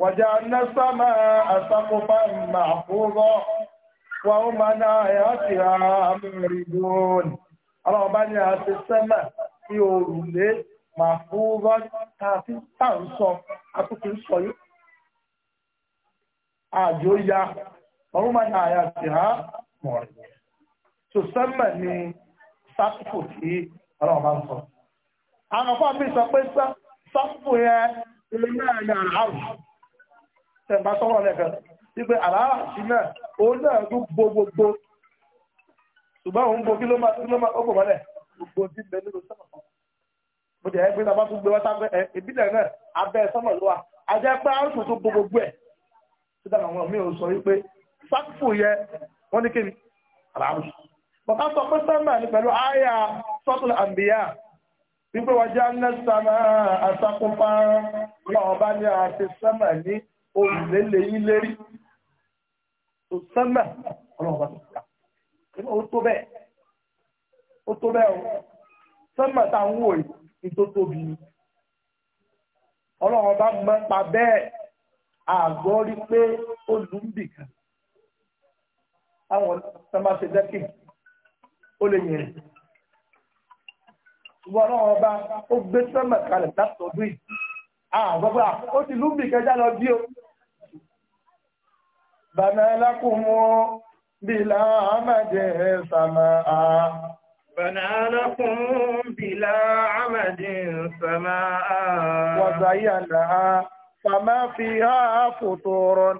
Wọ̀jà ná sẹ́mẹ̀ àṣàkóbá ìmọ̀ àfúrọ̀. Wọ́n máa náà ẹ̀ tí òrùlé máa fún rọ́jà tá a ti tà ń sọ àtúntò ń sọ yìí. Àjò ya ọ̀run máa ní àyà sí ha mọ̀ rẹ̀. Sòsẹ́mẹ̀ ni sáfù tí ọlọ́run bá ń sọ. Àwọn ọ̀pá mi sọ pé sáfù yẹn ilé náà ní àràárù. Tẹ̀mbá sọ́wọ́ lẹ́kẹ̀ẹ́ wípé àràárà sí náà òun náà ló gbogbogbò. Ṣùgbọ́n gbogbo tí ń bẹ nínú sọ́mọ̀ kan. mo jẹ́ pé bàbá tó gbé wá sábẹ́ ẹ ìbílẹ̀ náà abẹ́ sọ́mọ̀ ló wà á jẹ́ pé áwùsù tó gbogbo gbogbo ẹ̀. síta àwọn mi ò sọ wípé sákùfù yẹ wọ́n ní kéwì aláwùsù. bàbá sọ pé sọ́mọ̀ ni pẹ̀lú àyà sọ́tún àǹbíyà wípé wọ́n jẹ́ anẹ́sàmà àsakùnfà náà bá ní àti sọ́mọ̀ ní olùlélẹ́yìn lérí. sọ́mọ̀ ọlọ́run bá tó kúrò ó tó bẹ́ẹ̀ ó tó bẹ́ẹ̀ o sọ́mà tá à ń wò yìí tó tóbi ni ọlọ́run bá mọ́ pa bẹ́ẹ̀ àgọ́ rí pé ó lù ń bì kan àwọn sọ́mà ṣe dẹ́kì ó lè yẹn ṣùgbọ́n ọlọ́run ọba ó gbé sọ́mà kalẹ̀ látọ̀dún yìí àgbọ́gbà ó ti lù ń bì kẹjá lọ bí o bàmẹ́lákùnmọ́ bílá àmàjẹ́ sàmà àá. بنى لكم بلا عمد سماء وزينها فما فيها فطور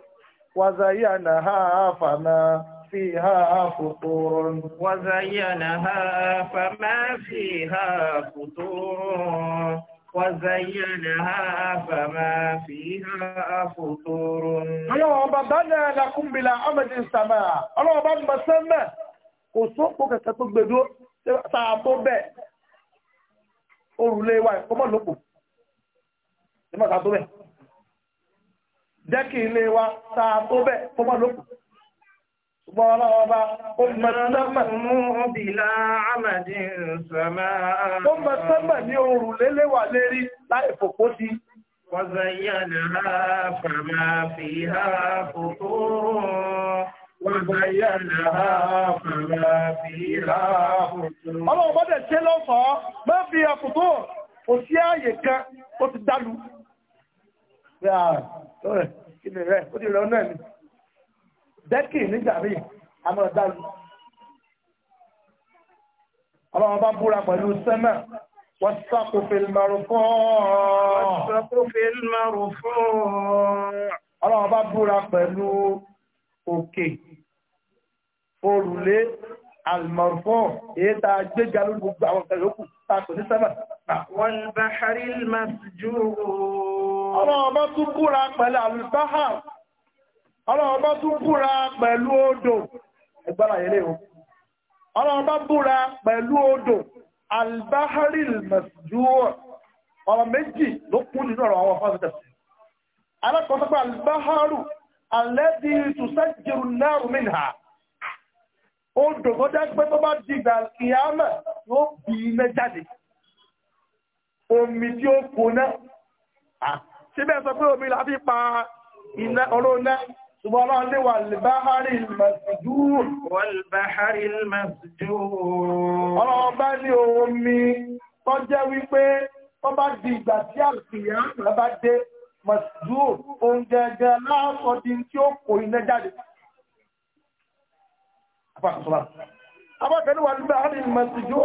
وزينها فما فيها فطور وزينها فما فيها فطور وزينها فما فيها فطور الله بنا لكم بلا عمد سماء الله بنا سماء وصوبك تتبدو sáà tó bẹ́ẹ̀ orùlé wa ìkọ́mọ̀ lóko ìmọ̀ sáà tó bẹ́ẹ̀ jẹ́ kí ilé wa sáà tó bẹ́ẹ̀ ìkọ́mọ̀ lóko ṣùgbọ́n ọlọ́wọ́ bá ó mọ sẹ́mà bìlá àmàdì sẹ́mà ó mọ sẹ́mà ní orùlé léwà lérí láì fòpó Ọlọ́run bọ́dẹ̀ ṣe lọ́fọ́, mọ́ fi ọkùnkú, kò sí ààyè kan, ó ti dálú. Kíni rẹ̀, ó ti rẹ̀ náà ni. Dẹ́kì nígbà rí, a mọ́ dálú. Ọlọ́run bá búra pẹ̀lú sẹ́mà, wọ́n sọ́kù fèlmọ̀rù fún ọ̀rọ̀. Ọlọ́run bá búra pẹ̀lú òkè. Okay òrùlé àlùmọ̀rùfọ́ èyí tá a gbéga lórí gbogbo àwọn ọ̀gá yòókù tá a kò ní sábà. wal bahril masjur. ọlọ́ọ̀bá tún búra pẹ̀lú àlùbáhà ọlọ́ọ̀bá tún búra pẹ̀lú odò ẹgbọ́lá yẹlé o ọlọ́ọ̀bá búra pẹ̀lú odò albaharil masjur ọ̀rọ̀ méjì ló kún nínú ọ̀rọ̀ àwọn fásitẹ̀ alákọ̀ọ́sọ́pọ̀ albaharu alẹ́dí tùsẹ́jìrù náà minha ó dòkọ́já pé tó bá dìgbà kìámà ló bí iná jáde omi tí ó kóná síbẹ̀ sọ pé omi láti pa iná ọlọ́ọ̀ná ṣùgbọ́n ọlọ́run lè wà lè báhárì ìlmọ̀sìdúrù wọ́lbáhárì ìlmọ̀sìdúrù ní omi tó jẹ́ wípé tó bá di ìgbà tí àlùkìyàmà bá dé mọ̀sìdúrù afáàkùsọ́lá abákanú wà nígbà àrí ìmọ̀síjú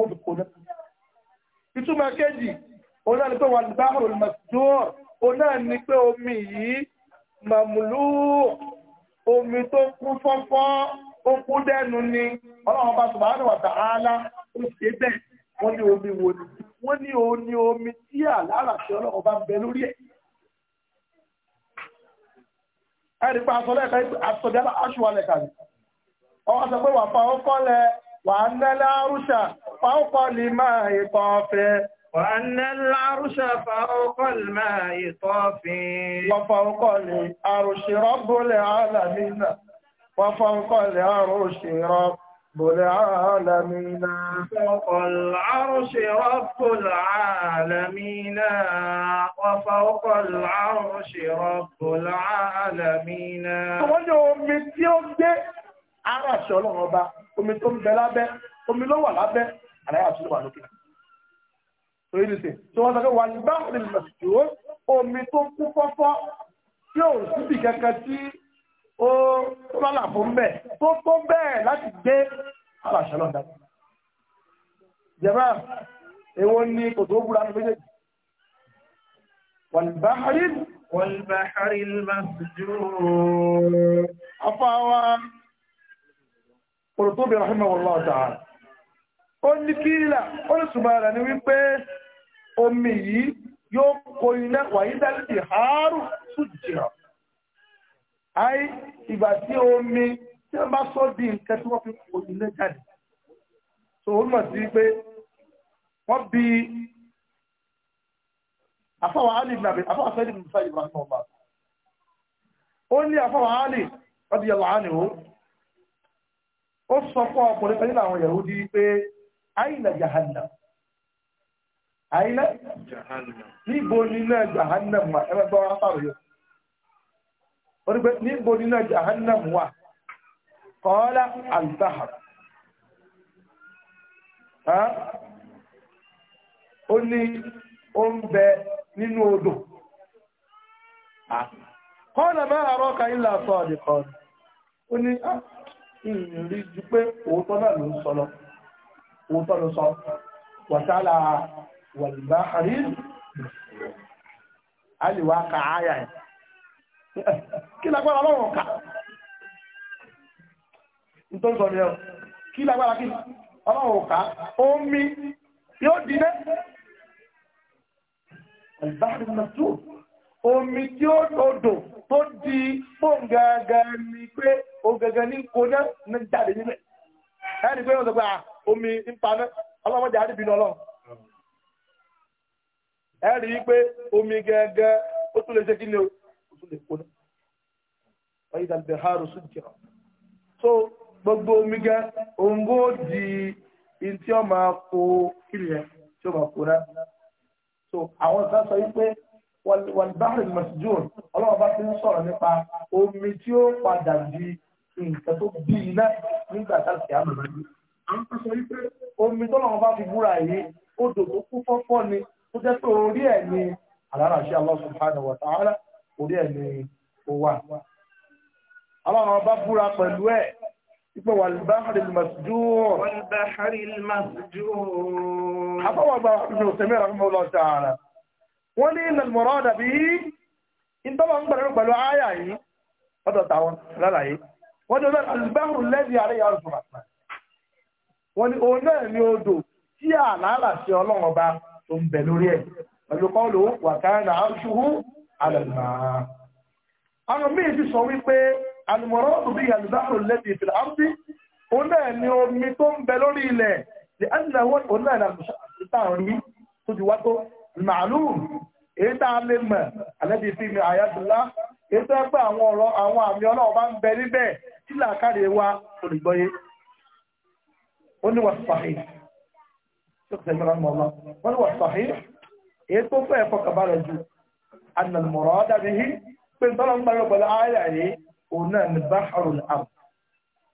ọ̀rọ̀ ìtumọ̀ kejì òun náà ni pé wà ní báhùrù ìmọ̀síjú ọ̀rọ̀ òun náà ni pé omi yìí màmúlú omi tó kún fọ́fọ́ ó kún dẹ́nu ni ọlọ́run bá subhanahu wa ta'ala ó ṣe bẹ́ẹ̀ wọ́n ní omi wo ni wọ́n ní o ní omi tí àlàáfíà ọlọ́run bá ń bẹ lórí ẹ̀. ẹnì pa aṣọ lẹ́ẹ̀kan àṣọjá aṣọ wa lẹ́ẹ̀kan ọwọ́ sọ pé wà pa ọkọ́ lẹ wà lárúṣà pa ọkọ́ lè máa ìkọ́ ọ̀fẹ́. wà á lárúṣà pa ọkọ́ lè máa ìkọ́ ọ̀fẹ́. wà pa ọkọ́ lè àròṣèrọ́gbọ́lẹ̀ àlàmínà wà pa ọkọ́ lè àròṣèrọ́gbọ́. رب العالمين فوق العرش رب العالمين وفوق العرش رب العالمين ara ṣe ọlọ́run ọba omi tó ń bẹ lábẹ́ omi ló wà lábẹ́ àlàyé àti ló wà lókè torí nìsín tí wọ́n sọ wà ní báwọn ènìyàn sì dúró omi tó kú fọ́fọ́ tí ò síbi kankan tí ó lọ́là fún bẹ́ẹ̀ tó tó bẹ́ẹ̀ láti gbé aláṣẹ lọ́dà. jẹ̀bá èwo ni kò tó búra ní méjèèjì. wàlbáhárí wàlbáhárí lásìjú. afáwa olùtóbi rahimahullah ta'ala ó ní kírílà ó ní ṣùgbọ́n rẹ̀ ni wípé omi yìí yóò kó iná wàyí dálítì haárù sùjìrà àì ìgbà tí omi tí wọ́n bá sọ di nǹkan tí wọ́n fi kò ilé jáde so ó mọ̀ sí pé wọ́n bi àfọwọ́ alì nàbẹ̀ àfọwọ́ fẹ́ẹ́ nìbí fẹ́ ìwà náà bá ó ní àfọwọ́ alì ọdí yàrá alì ó ó sọ fún ọkùnrin kan nínú àwọn Yahudi pé àìnà jahannam àìnà níbo ni náà jahannam mà ẹgbẹ́ gbọ́ wọn yóò orígbé níbo nínú jahannam wà kọ́ọ́lá alzahar o ni o n bẹ nínú odò kọ́ọ̀lá bá arọ ka ilẹ̀ àtọ́ àdìkọ́ ó ní ah, ìrìn ju pé òótọ́ náà ló ń sọ lọ ló sọ wàtálà wàlùbá àlìwá ka áyà kí lágbára lọ́rùn ọ̀ka tó ń sọ ní ẹ̀ kí lágbára kí ọlọ́run ọ̀ka omi yóò dínẹ́ albáàrin masu omi tí ó dòdò tó di fóòn gẹ́gẹ́ ni pé o gẹ́gẹ́ ní kóná ní jáde nílẹ̀ ẹni pé wọ́n omi ń paná ọlọ́mọdé àdìbìnú ọlọ́run ẹ̀rí pé omi gẹ́gẹ́ ó tún lè ṣe kí ni o tún lè kóná ọ̀yìn dàbẹ̀ ha rò sùn jìrọ̀ so gbogbo omi gẹ òǹgó di ntí ọ máa kó kílìyàn tí ó máa kó náà so àwọn kan sọ wípé wàlbáhìrì masjúùn ọlọ́wọ́ bá ti ń sọ̀rọ̀ nípa omi tí ó padà di nǹkan tó bí iná nígbà tá a sì á mọ̀ lọ́dún àwọn kan sọ wípé omi tọ́lọ́wọ́ bá fi búra yìí odò tó kú fọ́fọ́ ni tó jẹ́ pé orí ẹ̀ ni àlàáfíà Allah subhanahu wa ta'ala orí ẹ̀ ni ó wà. ọlọ́run ọba búra pẹ̀lú ẹ̀ ipò wàlúbáhárì masjúù. wàlúbáhárì masjúù. afọwọ́gbà ọ̀sẹ̀ òsèmí ẹ̀rọ fún ọlọ́ tààrà. wọ́n ní ilẹ̀ mọ̀rọ̀ dàbí ìtọ́wọ̀ ń gbẹ̀rẹ̀ pẹ̀lú áyà yìí ọ̀dọ̀ táwọn lálàyé. wọ́n ní alùbáhùn lẹ́bí àárẹ̀ yà ọ̀sùn òun náà ní odò tí àlàálà sí ọlọ́run ọba tó ń bẹ̀ lórí ẹ̀ pẹ̀lú kọ́ọ̀lù wàkàrà náà alàlùmá. àwọn míì ti sọ wípé àlùmọ̀rọ̀ ọ̀dùn bíi àlùbáàrò lẹ́bi ìfìlà ámdí òun náà ni omi tó ń bẹ lórí ilẹ̀ ti àdìlà wọn òun náà nà ìta rí tó ti wá tó màálù èyí tá a lè mọ̀ àlẹ́bi fi mi àyàdùlá èyí tó pé àwọn ọ̀rọ̀ àwọn àmì ọlọ́ọ̀ bá ń bẹ níbẹ̀ tí làákàrè wa olùgbọ́yé ó ní wà sàhí ní wà sàhí èyí tó fẹ́ أن المراد به pé tọ́lọ́ ń gbàgbọ́ pẹ̀lú ayà yìí òun náà ni báhàrù àm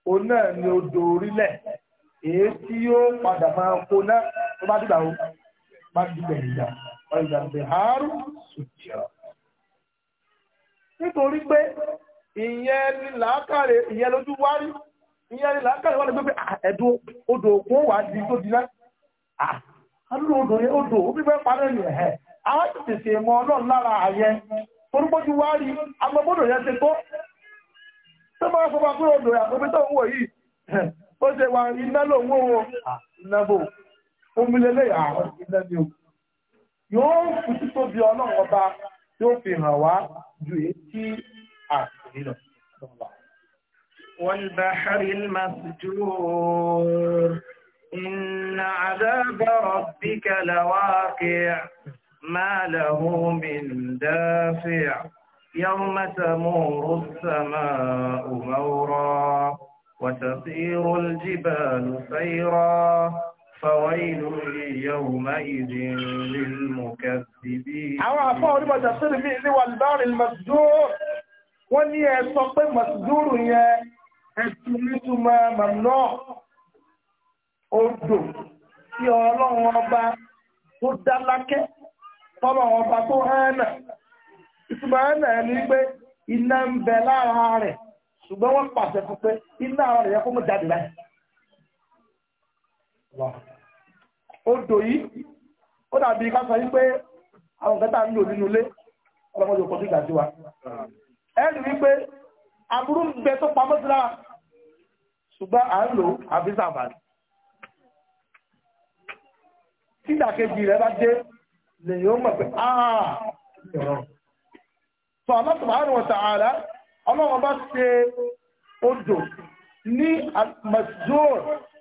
òun náà ni odò orílẹ̀ èyí tí yóò padà máa kó náà tó bá dìgbà wọn bá dìgbà ìjà ọ̀yà bẹ̀hárù sùjọ́. nítorí pé ìyẹn ni làákàrẹ̀ ìyẹn lójú wárí ìyẹn ni làákàrẹ̀ wọ́n lè gbé odò òkun wà á di tó di náà. àdúrà odò yẹn odò ó fẹ́ paná ni ẹ̀hẹ́ a tètè mọ lára àyẹ torúpójú wá rí agbọ́gbọ́dọ̀ yẹn ṣe tó tó máa fọwọ́ pé odò àpòpítọ̀ owó yìí ó ṣe wà iná lòun owó nàbò omílélé àwọn iná المسجور إن عذاب ربك لواقع ما له من دافع يوم تمور السماء مورا وتسير الجبال سيرا فويل يومئذ للمكذبين أو عفوا لما تصير مئن والبار المسجور وني أصبح مسجور يا ما ممنوع أردو يا الله وبا قد لك tọ́lọ̀ ọba tó hánà ìtumọ̀ hánà ẹni pé iná ń bẹ lára rẹ̀ ṣùgbọ́n wọ́n pàṣẹ fún pé iná ara rẹ̀ yẹ kó mú jáde láì. odò yìí ó dàbí ká sọ wípé àwọn nǹkan tá a ń lò nínú ilé ọlọ́mọdé òkòtò ìgbà sí wa. ẹni wípé aburú ń bẹ tó pamọ́ sí lára ṣùgbọ́n à ń lò àbí sàǹfààní. tí ìdàkejì rẹ̀ bá dé lèyìn ó mọ̀ pé áà ìrọ̀rùn. sọ Allah subhanahu wa ta'ala ọlọ́run bá ṣe odò ní masjid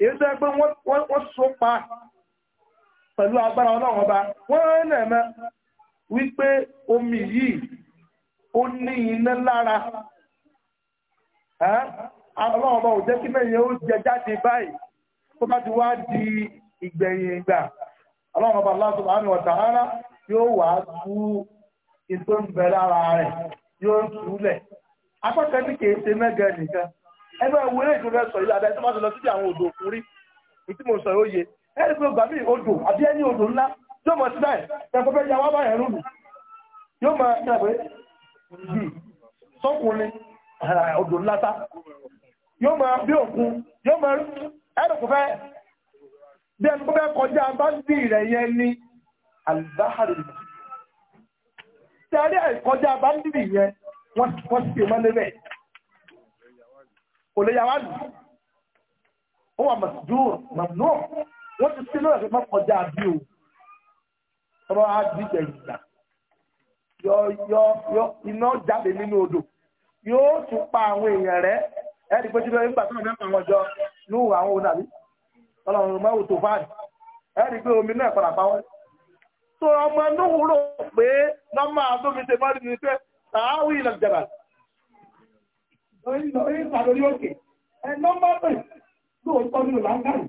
èyí tó yẹ pé wọ́n so pa pẹ̀lú agbára ọlọ́run ọba wọ́n rán ẹ̀mẹ́ wípé omi yìí ó ní iná lára ọlọ́run ọba ò jẹ́ kí mẹ́yìn ó jẹ jáde báyìí tó bá ti wá di ìgbẹ̀yìn ìgbà. ala ọba Allah subhanahu wa ta'ala yóò wà á tú ń bẹ lára rẹ̀ yóò túlẹ̀ akọ́kẹ́ ní kìí ṣe mẹ́gẹ nìkan ẹgbẹ́ ìwúrẹ́ ìjọba sọ yìí àdáyé tó máa lọ àwọn odò òkúrí tí mo sọ yóò yẹ ẹni tó gbàmí odò àbí ẹni odò ńlá yóò mọ̀ ẹ̀kọ́ fẹ́ yóò mọ̀ ẹgbẹ́ bí ẹni kó bẹ́ kọjá bá ń dì rẹ̀ yẹn ní alìbáhàrì tí a rí àìkọjá bá ń dì yẹn wọ́n ti mọ́ lébẹ̀ kò lè yàwá lù ó wà màdúrà màdúrà wọ́n ti sí lóòrè má kọjá bí o ọmọ á di ìgbẹ̀yìnà iná jáde nínú odò yóò tún pa àwọn èèyàn rẹ ẹni pé nígbà tó ń bẹ pa ọjọ́ ọlọ́run mẹ́wò tó fáàdì ẹ̀rí pé omi náà padà pa wọ́n. tó ọmọ inú wúlò pé nọ́mbà tóbi ṣe mọ́rin ní pé sàáwì ilẹ̀ ìjọba. lórí ìpàdórí òkè ẹ nọ́mbà pẹ̀ tó ń tọ́jú làǹkàrì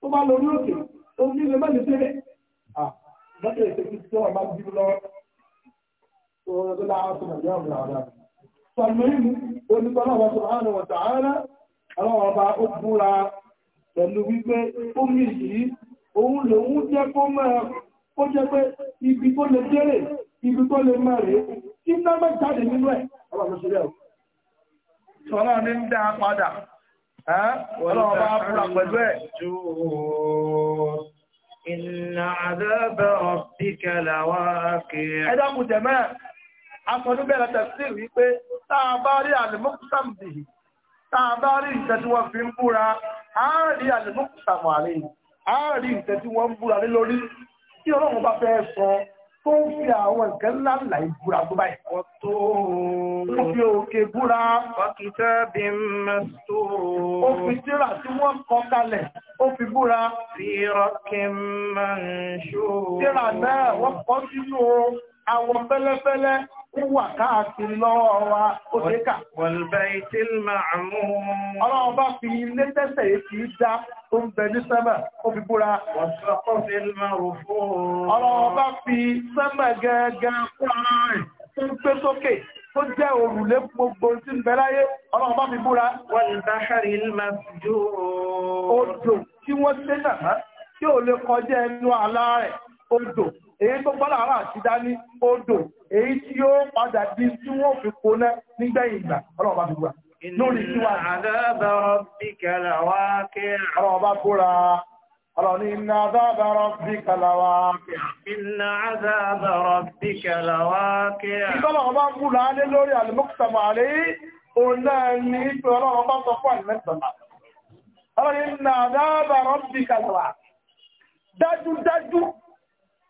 tó bá lórí òkè tó ń nílé mẹ́rin sílẹ̀. lọ́jọ́ ìṣèjú tí wọ́n máa ń bí lọ́wọ́ tó ń lọ́wọ́ tó ń lọ́wọ́ tó ń lọ́wọ́ sọ̀rọ̀ yìí onítọ́lọ́wọ́ sọ̀rọ̀ àwọn ọ̀tà pẹ̀lú wípé omi yìí òun lòun jẹ́ kó máa kó jẹ́ pé ibi tó lè dérè ibi tó lè máa rèé kí nọ́mọ̀ jáde nínú ẹ̀ ọba ní dá padà ọlọ́run bá pẹ̀lú ẹ̀. Inna adaba táa bá rí nǹkan tí wọ́n fi ń búra á rí àlẹ́mọ́kùsàmọ̀ àrí á rí nǹkan tí wọ́n ń búra lé lórí tí ọlọ́run bá fẹ́ sọ tó ń fi àwọn nǹkan ńlá ńlá ìbúra tó báyìí. wọ́n ó fi òkè búra. wákìtẹ́ bí mẹ́tò. ó fi tíra tí wọ́n kọ kalẹ̀ ó fi búra. fi rọ́kì máa ń ṣó. tíra náà wọ́n kọ́ sínú àwọ̀ fẹ́lẹ́fẹ́lẹ́ ó wà káàkiri lọ́wọ́ wa ó ṣe kà. Wal-baytil ma'mur. Ọlọ́run bá fi ilé tẹ́sẹ̀ yìí ti dá tó ń bẹ ní sẹ́mà ó fi búra. Wassaqfil marfu'u. jẹ́ òrùlé gbogbo tí ń bẹ láyé ọlọ́run bá fi búra. Wal-bahril masjur. Odò tí wọ́n ṣe dàgbà tí ò lè kọjá ẹnu àlá rẹ̀ odò èyí tó gbọ́dọ̀ àwọn àṣìdá ní odò èyí tí yóò padà di tí wọ́n fi kóná nígbẹ̀yìn ìgbà ọlọ́ọ̀bá fi gbà lórí tí wà ọlọ́ọ̀bá búra ọlọ́ọ̀ni iná àdábàrọ̀ bí kàlàwà kẹ́ ìtọ́lọ̀ọ̀bá búra lé lórí àlùmọ́kùsàmọ̀ àrí òun náà ní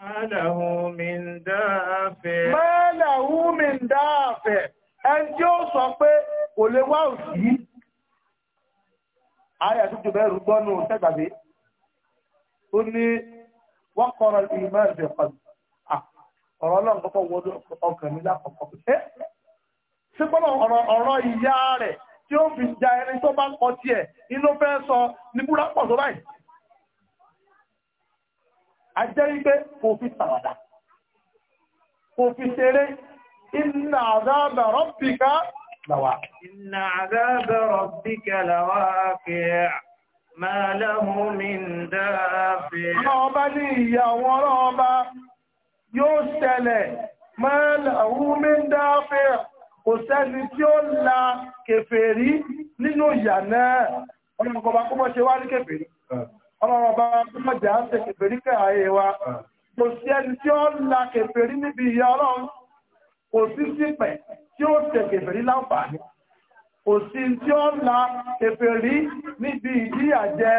Ma lahu min dafi. Ma lahu min dafi. Ẹn tí ó sọ pé kò lè wá òsì. Ayà tó jù bẹ́rù gbọ́nù tẹ́gbàgbé. Ó ní wọ́n kọ́rọ̀ ìmọ̀ ẹ̀fẹ̀ pàdù. Ọ̀rọ̀ ọlọ́run kọ́kọ́ wọ ọkàn mi lákọ̀ọ́kọ́. Ṣé sípọ́nà ọ̀rọ̀ ìyá rẹ̀ tí ó fi ja ẹni tó bá ń tiẹ̀ inú fẹ́ sọ ní pọ̀ tó báyìí? a jẹ́ wípé kò fi sàwàdà kò fi ṣeré inna azaba rabbika lawa inna azaba rabbika lawaqi' ma lahu min dafi' ọba ní ìyà àwọn ọlọ́ọba yóò ṣẹlẹ̀ ma lahu min dafi' kò sẹ́ni tí ó la kèfèrí nínú ìyà náà ọlọ́mọkọba kó mọ́ ṣe wá ní kèfèrí ọlọ́run ọba mọ́jà ń ṣe kèfèrí kẹ́àyè ẹni tí ó la kèfèrí níbi ìyá ọlọ́run si sí tí ó ṣe kèfèrí láǹfààní kò tí ó la kèfèrí níbi ìdíyàjẹ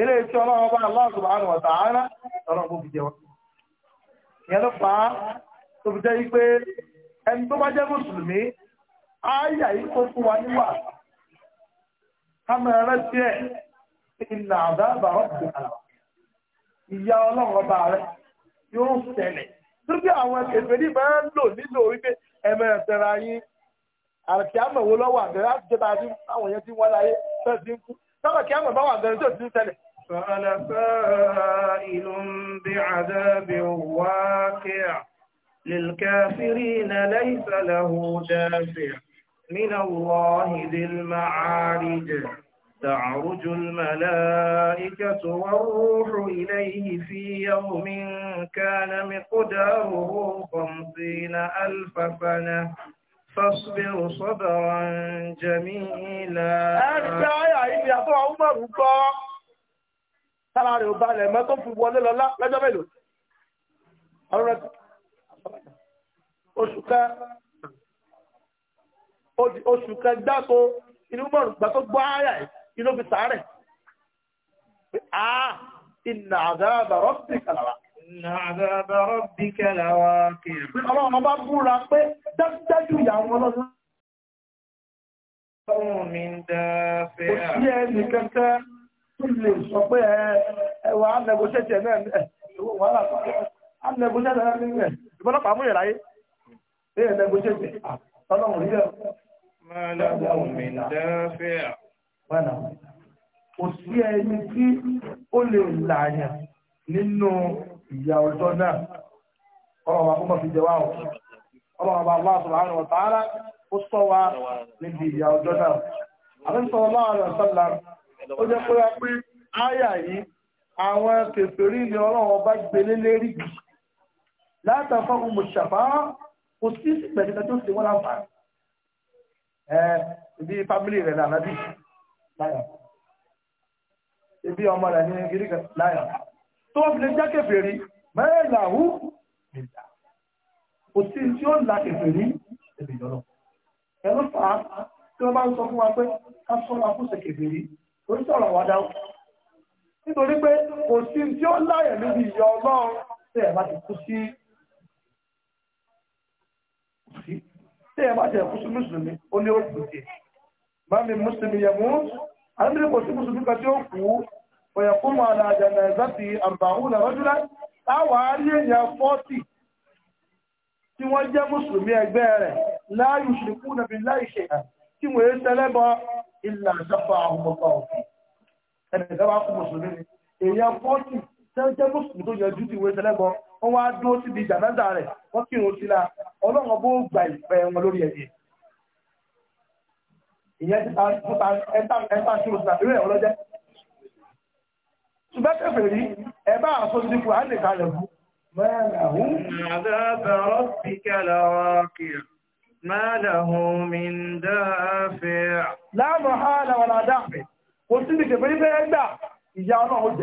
eré tí ọlọ́run bá Allah subhanahu fi jẹ wọn. fà á tó fi jẹ́ ẹni tó bá jẹ́ mùsùlùmí á yà yí kó fún wa níwà ká mọ̀ إن عذاب ربنا يا الله بارك يوم سنة تبي أول كفري ما نو نزوي به أما تراني على كيام ولا واحد لا تبادل أو يجي ولا يجي تزينك ترى كيام ما واحد لا تزين سنة فأنا فائل بعذاب واقع للكافرين ليس له دافع من الله ذي المعارج تعرج الملائكة والروح إليه في يوم كان مقداره خمسين ألف سنة فاصبر صبرا جميلا Sáàrẹ̀ ò balẹ̀ mọ́ tó fi wọlé lọ́lá lọ́jọ́ mélòó. Ọ̀rọ̀ oṣù kan gbáko inú mọ̀rùn-ún gbà tó gbọ́ ààyà ẹ̀. kí ló fi sàárẹ̀ pé a ìnà àdáàbà rọ́bì kàlàwà. ìnà àdáàbà rọ́bì kàlàwà kìí. ọlọ́run ọba búra pé dájúdájú ìyá wọn lọ́dún. ọ̀hún mi ń dá fẹ́ à. kò sí ẹnì kankan tó lè sọ pé ẹ wà á nẹgọṣẹ́tì ẹ̀ náà ẹ̀ wàhálà tó á nẹgọṣẹ́tì ẹ̀ náà ẹ̀ ìbọ́lọ́pàá amúyẹ̀ láyé ẹ̀ nẹgọṣẹ́tì ọlọ́run rí ẹ̀. máa lábọ̀ mi ń dá fẹ́ à. wọ́nà kò sí ẹni tí ó lè làyàn nínú ìyà ọjọ́ náà ọlọ́wà kó mọ̀ fi jẹ wá ọ̀ ọlọ́wà bá wá sọ̀rọ̀ àrùn ọ̀tá ara ó sọ wa níbi ìyà ọjọ́ náà àbẹ́sọ̀rọ̀ láàrin ọ̀sọ́lá ó jẹ́ pé wá pé áyà yìí àwọn kèfèrí ilẹ̀ ọlọ́wọ́ bá gbélé lérí látàfọ́kùn mùsàfá kò sí ìsìnkẹ̀ẹ́ta tó ṣe wọ́n láǹfààní ẹ̀ ibi fámílì rẹ̀ lànà bíi láyà ebi ọmọ rẹ̀ ní gírí kan láyà tó fi lè jẹ́ kèfèrí mẹ́rìnlá hù nígbà kò sí tí ó là kèfèrí ebi ìjọlọ ẹ̀rọ fà á tí wọ́n bá ń sọ fún wa pé ká sọ́ra fún ṣe kèfèrí orí sọ̀rọ̀ wa dáhùn nítorí pé kò sí tí ó láyà níbi ìyọ ọlọ́run tí ẹ̀ bá ti kú sí tí ẹ̀ bá ti kú sí mùsùlùmí ó ní ó dùn tiẹ̀ mami muslim yamut alábìnrin kò sí mùsùlùmí kan tí ó kú ọ̀yẹ̀kún mọ̀ àlàjà nàìjíríà ti àbàwù nà rọ́júlá táwà rí èèyàn fọ́tì tí wọ́n jẹ́ mùsùlùmí ẹgbẹ́ rẹ̀ láàyù ṣìkú nàbí láì ṣe hàn tí wọ́n yé sẹ́lẹ́bọ ilà àṣàfà àwọn ọmọ òfin ẹnìkan bá kú mùsùlùmí ni èèyàn fọ́tì jẹ́ mùsùlùmí tó yẹjú ti wé sẹ́lẹ́bọ wọ́n wá dúró síbi jànáza rẹ̀ wọ́n kírun sí la ọlọ́run bó gbà ìpẹ́ wọn lórí ẹ̀yẹ ìyẹn ti ta fúta ẹ̀ńtà tí o ti tàbí rẹ̀ ọlọ́jẹ́ ṣùgbọ́n kẹfẹ́ rí ẹ bá àfọ́jú dípò á lè kalẹ̀ fún mẹ́rẹ̀hún. àdábà rabbika lawaqi ma ìyá ọlọ́run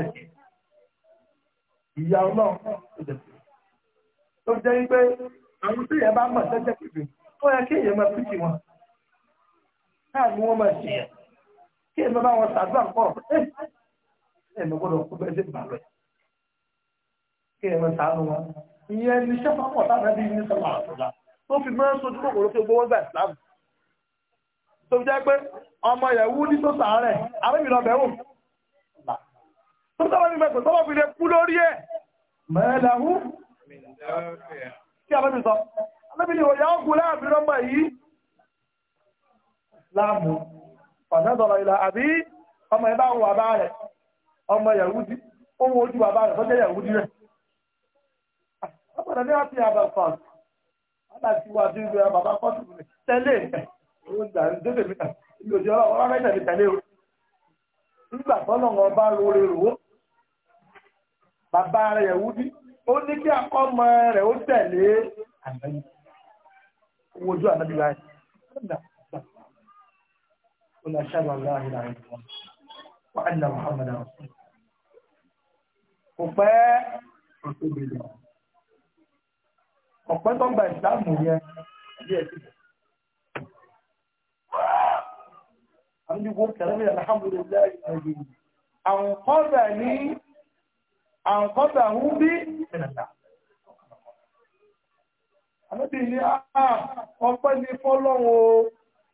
jẹ tó jẹ́ wípé àwọn tí ìyẹn bá mọ̀ sẹ́jẹ́ kẹfẹ́ tó yẹ kí ìyẹn máa pìtì wọn náà ni wọ́n máa ṣe kí èmi bá wọn ṣàdúrà pọ̀ èmi gbọ́dọ̀ kú bẹ́ẹ̀ sí ìbàlẹ̀ kí èmi ṣàánú wọn ìyẹn ni iṣẹ́ pápọ̀ táwọn ẹbí ní sọ̀rọ̀ àtúnlá tó fi máa ń sojú kòkòrò pé gbowó gbà ìsìlámù tó fi jẹ́ pé ọmọ ìyàwó ní tó sàárẹ̀ àrẹ́bìnrin ọbẹ̀ wò tó tọ́wọ́ ní mẹ́kùn tọ́wọ́ fi lè kú lórí ẹ̀ mẹ́lẹ̀hún kí láàmú fàdádọ̀rọ̀ ilà àbí ọmọ ẹ bá wọ bàbá rẹ̀ ọmọ yahudi ó wọ ojú bàbá rẹ̀ sọ́jẹ́ yahudi rẹ̀ ah, ọ̀pọ̀lọpọ̀ ní àti àbẹ̀ fàd aláti wà sí ìgbéra bàbá kọ́sù rẹ̀ tẹ́lẹ̀ ìwọ̀n ìgbà dédé mi ìlú òjò ọlọ́wọ́ rẹ̀ tẹ̀lé tẹ̀lé o nígbà tọ́lọ̀ wọn bá rore rò ó bàbá rẹ̀ yahudi ó ní kí akọ́mọ rẹ̀ ó tẹ̀lé àgbáyé owó ojú àdábìlá ẹ̀ قل أشهد أن لا إله إلا الله وأن محمدا رسول الله ọpẹ́ òṣèlú ọpẹ́ tó ń gba ìsìláàmù yẹn díẹ̀ sí àmìjúgbò kẹrẹ́mì alhamdulillah ẹ̀yìn àǹkọ́bà ní àǹkọ́bà ń bí ìrìnà àmìjúgbò ní ah, ọpẹ́ ní fọ́lọ́wọ́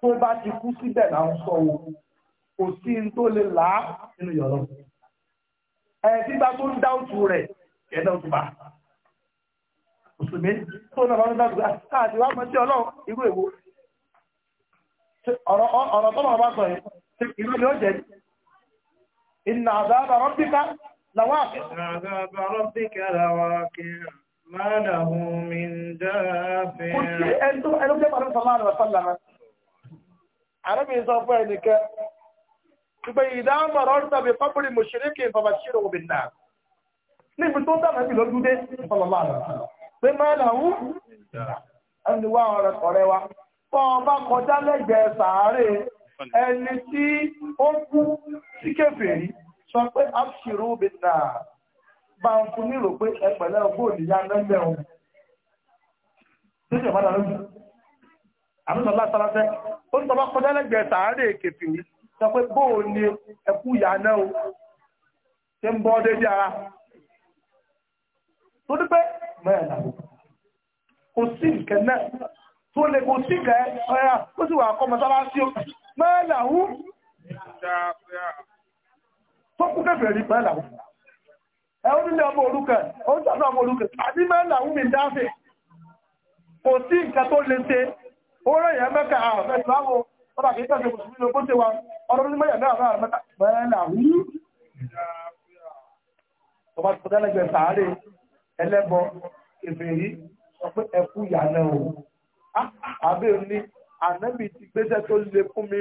tó bá ti kú síbẹ̀ là ń sọ o kò sí n tó lè là á nínú yọ̀rọ̀ ẹ̀ sígbà tó ń dá òtù rẹ̀ ẹ̀dá òtù bá mùsùlùmí tó náà wọn dá gbà káàdì wà mọ́tí ọlọ́run irú èwo ọ̀rọ̀ tọ́lọ̀ bá sọ yìí irú ni ó jẹ́ inna azaba rabbika lawaqi. azaba rabbika lawaqi ma lahu min dafi. kò sí ẹni tó ẹni tó jẹ́ pàdé sọ́lá rẹ̀ sọ́lá rẹ̀ arábìnrin sọ fún ẹnìkẹ́ ìgbẹ́ ìdáhùn ọ̀rọ̀ tàbí pọ́pùlì mùsùlùmí ìfọ̀bà ṣírò òbí náà níbi tó dáná sí lójú dé ìfọ̀lọ́lá rẹ̀ pé máa làwọn ẹni wá ọ̀rẹ́ wa tó ọba kọjá lẹ́gbẹ̀ẹ́ sàárè ẹni tí ó kú sí kèfèrí sọ pé abṣírò òbí náà bá ń fún nílò pé ẹgbẹ̀lẹ́ ọgbọ́n òdìyá lẹ́gbẹ̀ẹ́ àmúṣọlá sọlọ́fẹ́ ó ń sọ bá kọjá lẹ́gbẹ̀ẹ́ sàárè kẹfìrí sọ pé bóò ni ẹkú ìyá náà o ṣe ń bọ́ dédé ara tó dé pé mẹ́rin làwọn kò sí nǹkan náà tó lè kò sí nǹkan ọ̀yà ó sì wà kọ́ mọ́sálásí o mẹ́rin làwọn tó kú kẹfìrí rí mẹ́rin làwọn ẹ̀wọ́n nílé ọmọ olùkẹ́ ó ń sàdọ̀ ọmọ olùkẹ́ àbí mẹ́rin làwọn mi dáfẹ́ kò sí nǹkan tó lè ṣe Oòrùn èèyàn mẹ́ka àwọn ọ̀fẹ́ ìbáwò, ọba kìí tẹ́sẹ̀ mùsùlùmí ló bó ṣe wa, ọdún ní mẹ́yàn náà rárá mẹ́ta pẹ́ẹ́lá wú. Ọba ti pọ̀tẹ́ lẹ́gbẹ̀ẹ́ sàárè ẹlẹ́bọ ìfèrí sọ pé ẹkú ìyá náà o. Àbẹ́ ní ànábì ti gbéṣẹ́ tó le fún mi.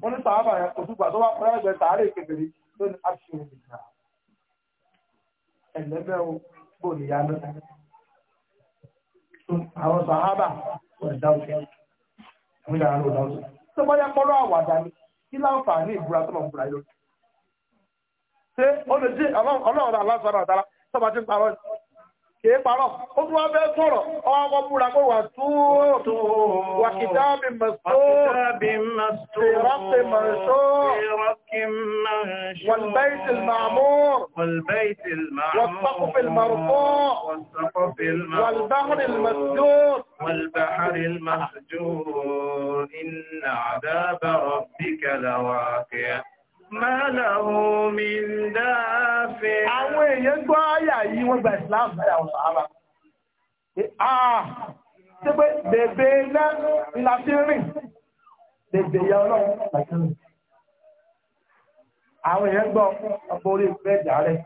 Wọ́n ní sàábà yẹn kò túgbà tó wá pọ̀tẹ́ lẹ́gbẹ̀ẹ́ sàárè kèfèrí ló ní àṣírí ìgbà. Ẹ̀lẹ́bẹ̀ ọ̀dàwùsẹ́ àwọn ìlànà ọ̀dàwùsẹ́ tó bá yá pọ́lọ́ àwàdà ni kí láǹfààní ìbúra tó ń búra lórí. ṣé ó lè jí ọlọ́run aláṣọ́rọ̀ ọ̀dára tó ti ń parọ́ kìí parọ́ ó tún wá bẹ́ẹ̀ sọ̀rọ̀ ọmọ búra pé wà túùtù والبحر المحجور إن عذاب ربك لواقع ما له من دافع àwọn èèyàn gbọ́ àyà yìí wọ́n gba islam báyà wọ́n sàárà àà tí ah, pé bèbè ya ọlọ́run láti rìn àwọn èèyàn gbọ́ ọgbọ́ orí ìfẹ́ ìdàrẹ́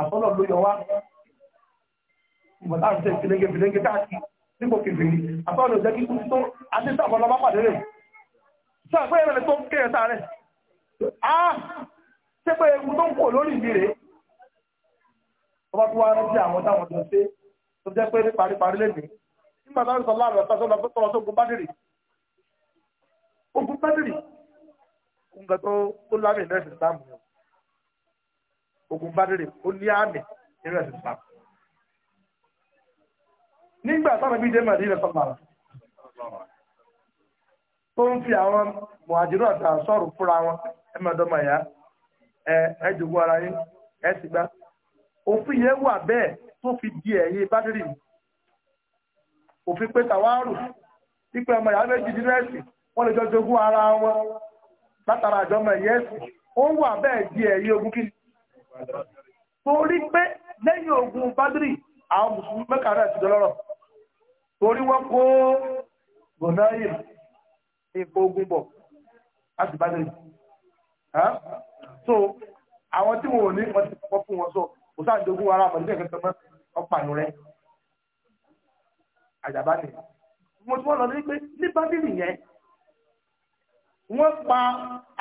àtọ́lọ̀ ló yọ wá ìmọ̀lá ń tẹ́ ìfìlẹ́gẹ̀fìlẹ́gẹ̀ káàkiri nípò kìbìrì àbáwọn òjẹ́ kíkú tó àti sáàbọ̀ lọ bá pàdé rẹ̀ sáàpẹ́ ẹ̀rẹ̀ tó kéré sáà rẹ̀ á ṣé pé ewu tó ń kò lórí ìbí rẹ̀ ọba tó wá rí sí àwọn táwọn tó ṣe tó jẹ́ pé paríparí lè ní nígbà tó ń sọ láàrọ̀ ọ̀tá tó lọ tó lọ sógun bádìrì ogun bádìrì nǹkan tó tó lámì ìrẹsì sáàmù ogun ó ní àmì ìrẹsì nígbà táwọn ibi jẹ́ ní sọ́màrà tó ń fi àwọn mọ̀hàjírò àti àṣọ́rù fúnra wọn ẹ máa ẹ ara yín ẹ sì gbá òfin yẹn wà bẹ́ẹ̀ tó fi di ẹ̀yìn òfin pé tàwárù ọmọ ìyá méjì nínú ẹ̀sìn wọ́n lè jọ jogún ara wọn látara àjọmọ ẹ̀yẹ ẹ̀sìn ó wà bẹ́ẹ̀ di ẹ̀yìn ogun kí torí pé lẹ́yìn ogun àwọn mùsùlùmí mẹ́kàrà torí wọ́n kó gọ̀náyì epo ogun bọ̀ láti bá lẹ́yìn so àwọn tí wọn ò ní wọn ti kọ́ fún wọn sọ kò sáà dogun ara àmọ́ nígbà kẹta mọ́ ọ̀pànù rẹ àjàbá ni mo ti lọ ní ní bábìlì yẹn wọ́n pa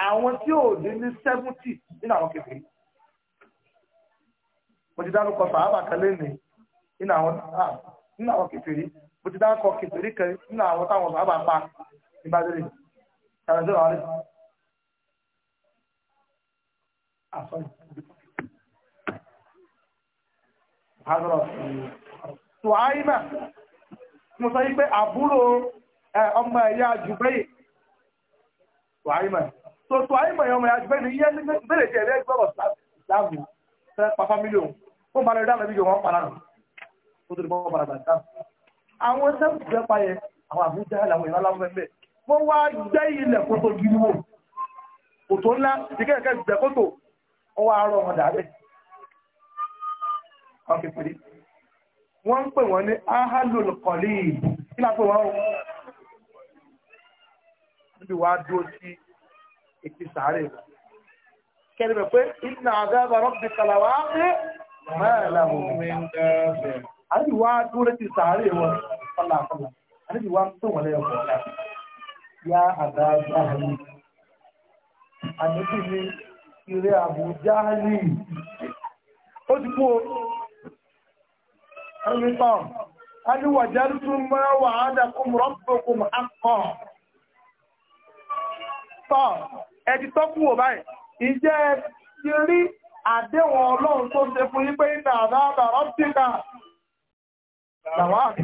àwọn tí ò ní ní sẹ́fúntì nínú àwọn kékeré mo ti dárúkọ sàábà kan lẹ́nu nínú àwọn kékeré bó ti dákọ̀ kìtìrí kan nínú àwọn táwọn ọ̀sán bá pa ní bàdìrì tàbí ọ̀rọ̀ rẹ̀. tó ah, àìmà mo sọ wípé àbúrò ọmọ ẹ̀yà jùbẹ́yì tó àìmà tó tó àìmà ọmọ ẹ̀yà jùbẹ́yì ni iye bẹ̀rẹ̀ jẹ́ ẹ̀rẹ́ gbọ́dọ̀ láàbù fẹ́ pa fámílì òun ó bá lè dá lẹ́bí yòó wọ́n pa lára ó tó lè bọ́ wọn padà dá àwọn sẹ́kù fẹ́ pa yẹn àwọn àbújá làwọn ìran láwọn fẹ́ wọ́n wá gbẹ́ ilẹ̀ kótó gíríwò òtó ńlá ti kẹ́kẹ́ gbẹ́ kótó wọ́n wá rọ wọn dàbẹ́ ọkẹ́ pèrè wọ́n ń pè wọ́n ní ahalul kọ̀lì kí lápò wọ́n níbi wàá dúró sí ètí sàárè wọn kẹ́lẹ́ bẹ̀ pé iná àdáàbà rọ́bì kàlàwà á pé máa làwọn àbí wàá dúró sí sàárè wọn sọ́là sọ́là àníbi wa ń pè wọ́n lẹ́yọ̀ kọ̀ọ̀kan yá àgbà jáhálì àníbi ni ìrẹ àbù jáhálì ó ti kú o ẹni tán aliwa jẹ́rìtún mọ́ wà á dàkún rọ́pùkùn akọ̀ tọ́ ẹ̀dì tó kú o báyìí ìjẹ́ ti rí àdéhùn ọlọ́run tó ṣe fún yín pé ìdàdà àbàrọ̀ síkà làwọn àti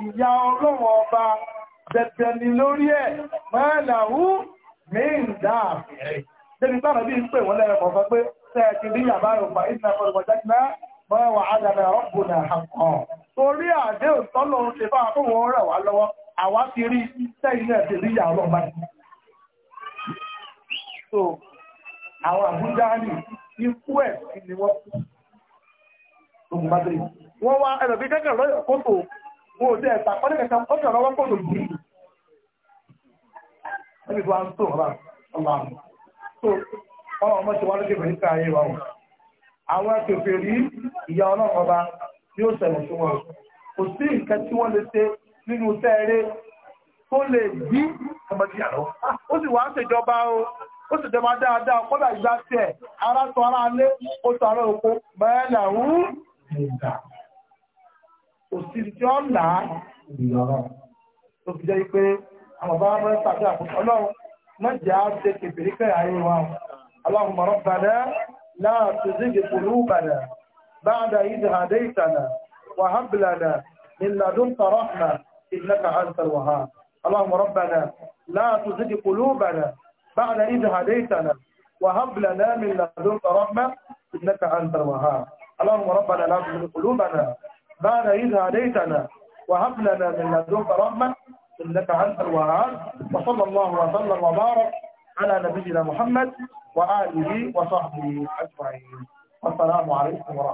ìyá ọlọ́wọ́ ọba bẹ̀bẹ̀ ni lórí ẹ̀ mẹ́làwú mẹ́ǹdà àfihàn. Débi bára bí ń pè wọ́n lẹ́rẹ̀ kọ̀ọ̀kan pé sẹ́ẹ̀kì rí yàbá rọ̀pá ìdínà ọlọ́gbọ̀dájúmá mọ́wàá àdàbà ọ̀bùnà àkọ́. Torí àdé òtọ́lọ́ ń ṣe bá fún wọn rẹ̀ wá lọ́wọ́, àwa ti rí sẹ́yìn náà ti rí yà ọlọ́gbà. So, àwọn Àbújá ní ikú ẹ̀ ni wọ́n kú. Wọ́n wá ẹlòmí kẹ́kẹ̀ẹ́ lọ́yọ̀ kótó wọn ò dẹ́ ẹ̀ta pọ́lẹ̀ kẹta ó kẹ̀rọ wọ́pọ̀ lò yìí wọ́n ti wá ń tó ọ̀rá ọ̀la tó ọ̀rọ̀ ọmọ ti wá lókè bẹ̀rẹ̀ ká ayé wa wọ̀ àwọn akẹ́kẹ́ rí ìyá ọlọ́run ọba ó, ṣẹlẹ̀ sí wọn kò sí nǹkan tí wọ́n lè ṣe nínú sẹ́ẹ̀rẹ́ tó lè bí ọmọdé àrọ́ ó sì wá ń ṣèjọba o ó sì jọba dáadáa kọ́dà ìgbà tiẹ̀ ara tọ́ ara lé ó tọ́ ara òkú mẹ́ẹ̀lá rú nígbà òsì tí ó là á ìrọ̀rọ̀ tó fi jẹ́ pé àwọn bá mọ́ tàbí àkókò ọlọ́run mọ́jà á ṣe kèfèrí kẹ́ ayé wa اللهم ربنا لا تزغ قلوبنا بعد إذ هديتنا وهب لنا من لدنك رحمة إنك أنت الوهاب اللهم ربنا لا تزغ قلوبنا بعد إذ هديتنا وهب لنا من لدنك رحمة إنك أنت الوهاب اللهم ربنا لا تزغ قلوبنا بعد إذ هديتنا وهب لنا من لدنك رحمة إنك أنت الوهاب وصلى الله وسلم وبارك على نبينا محمد وآله وصحبه أجمعين والسلام عليكم ورحمة الله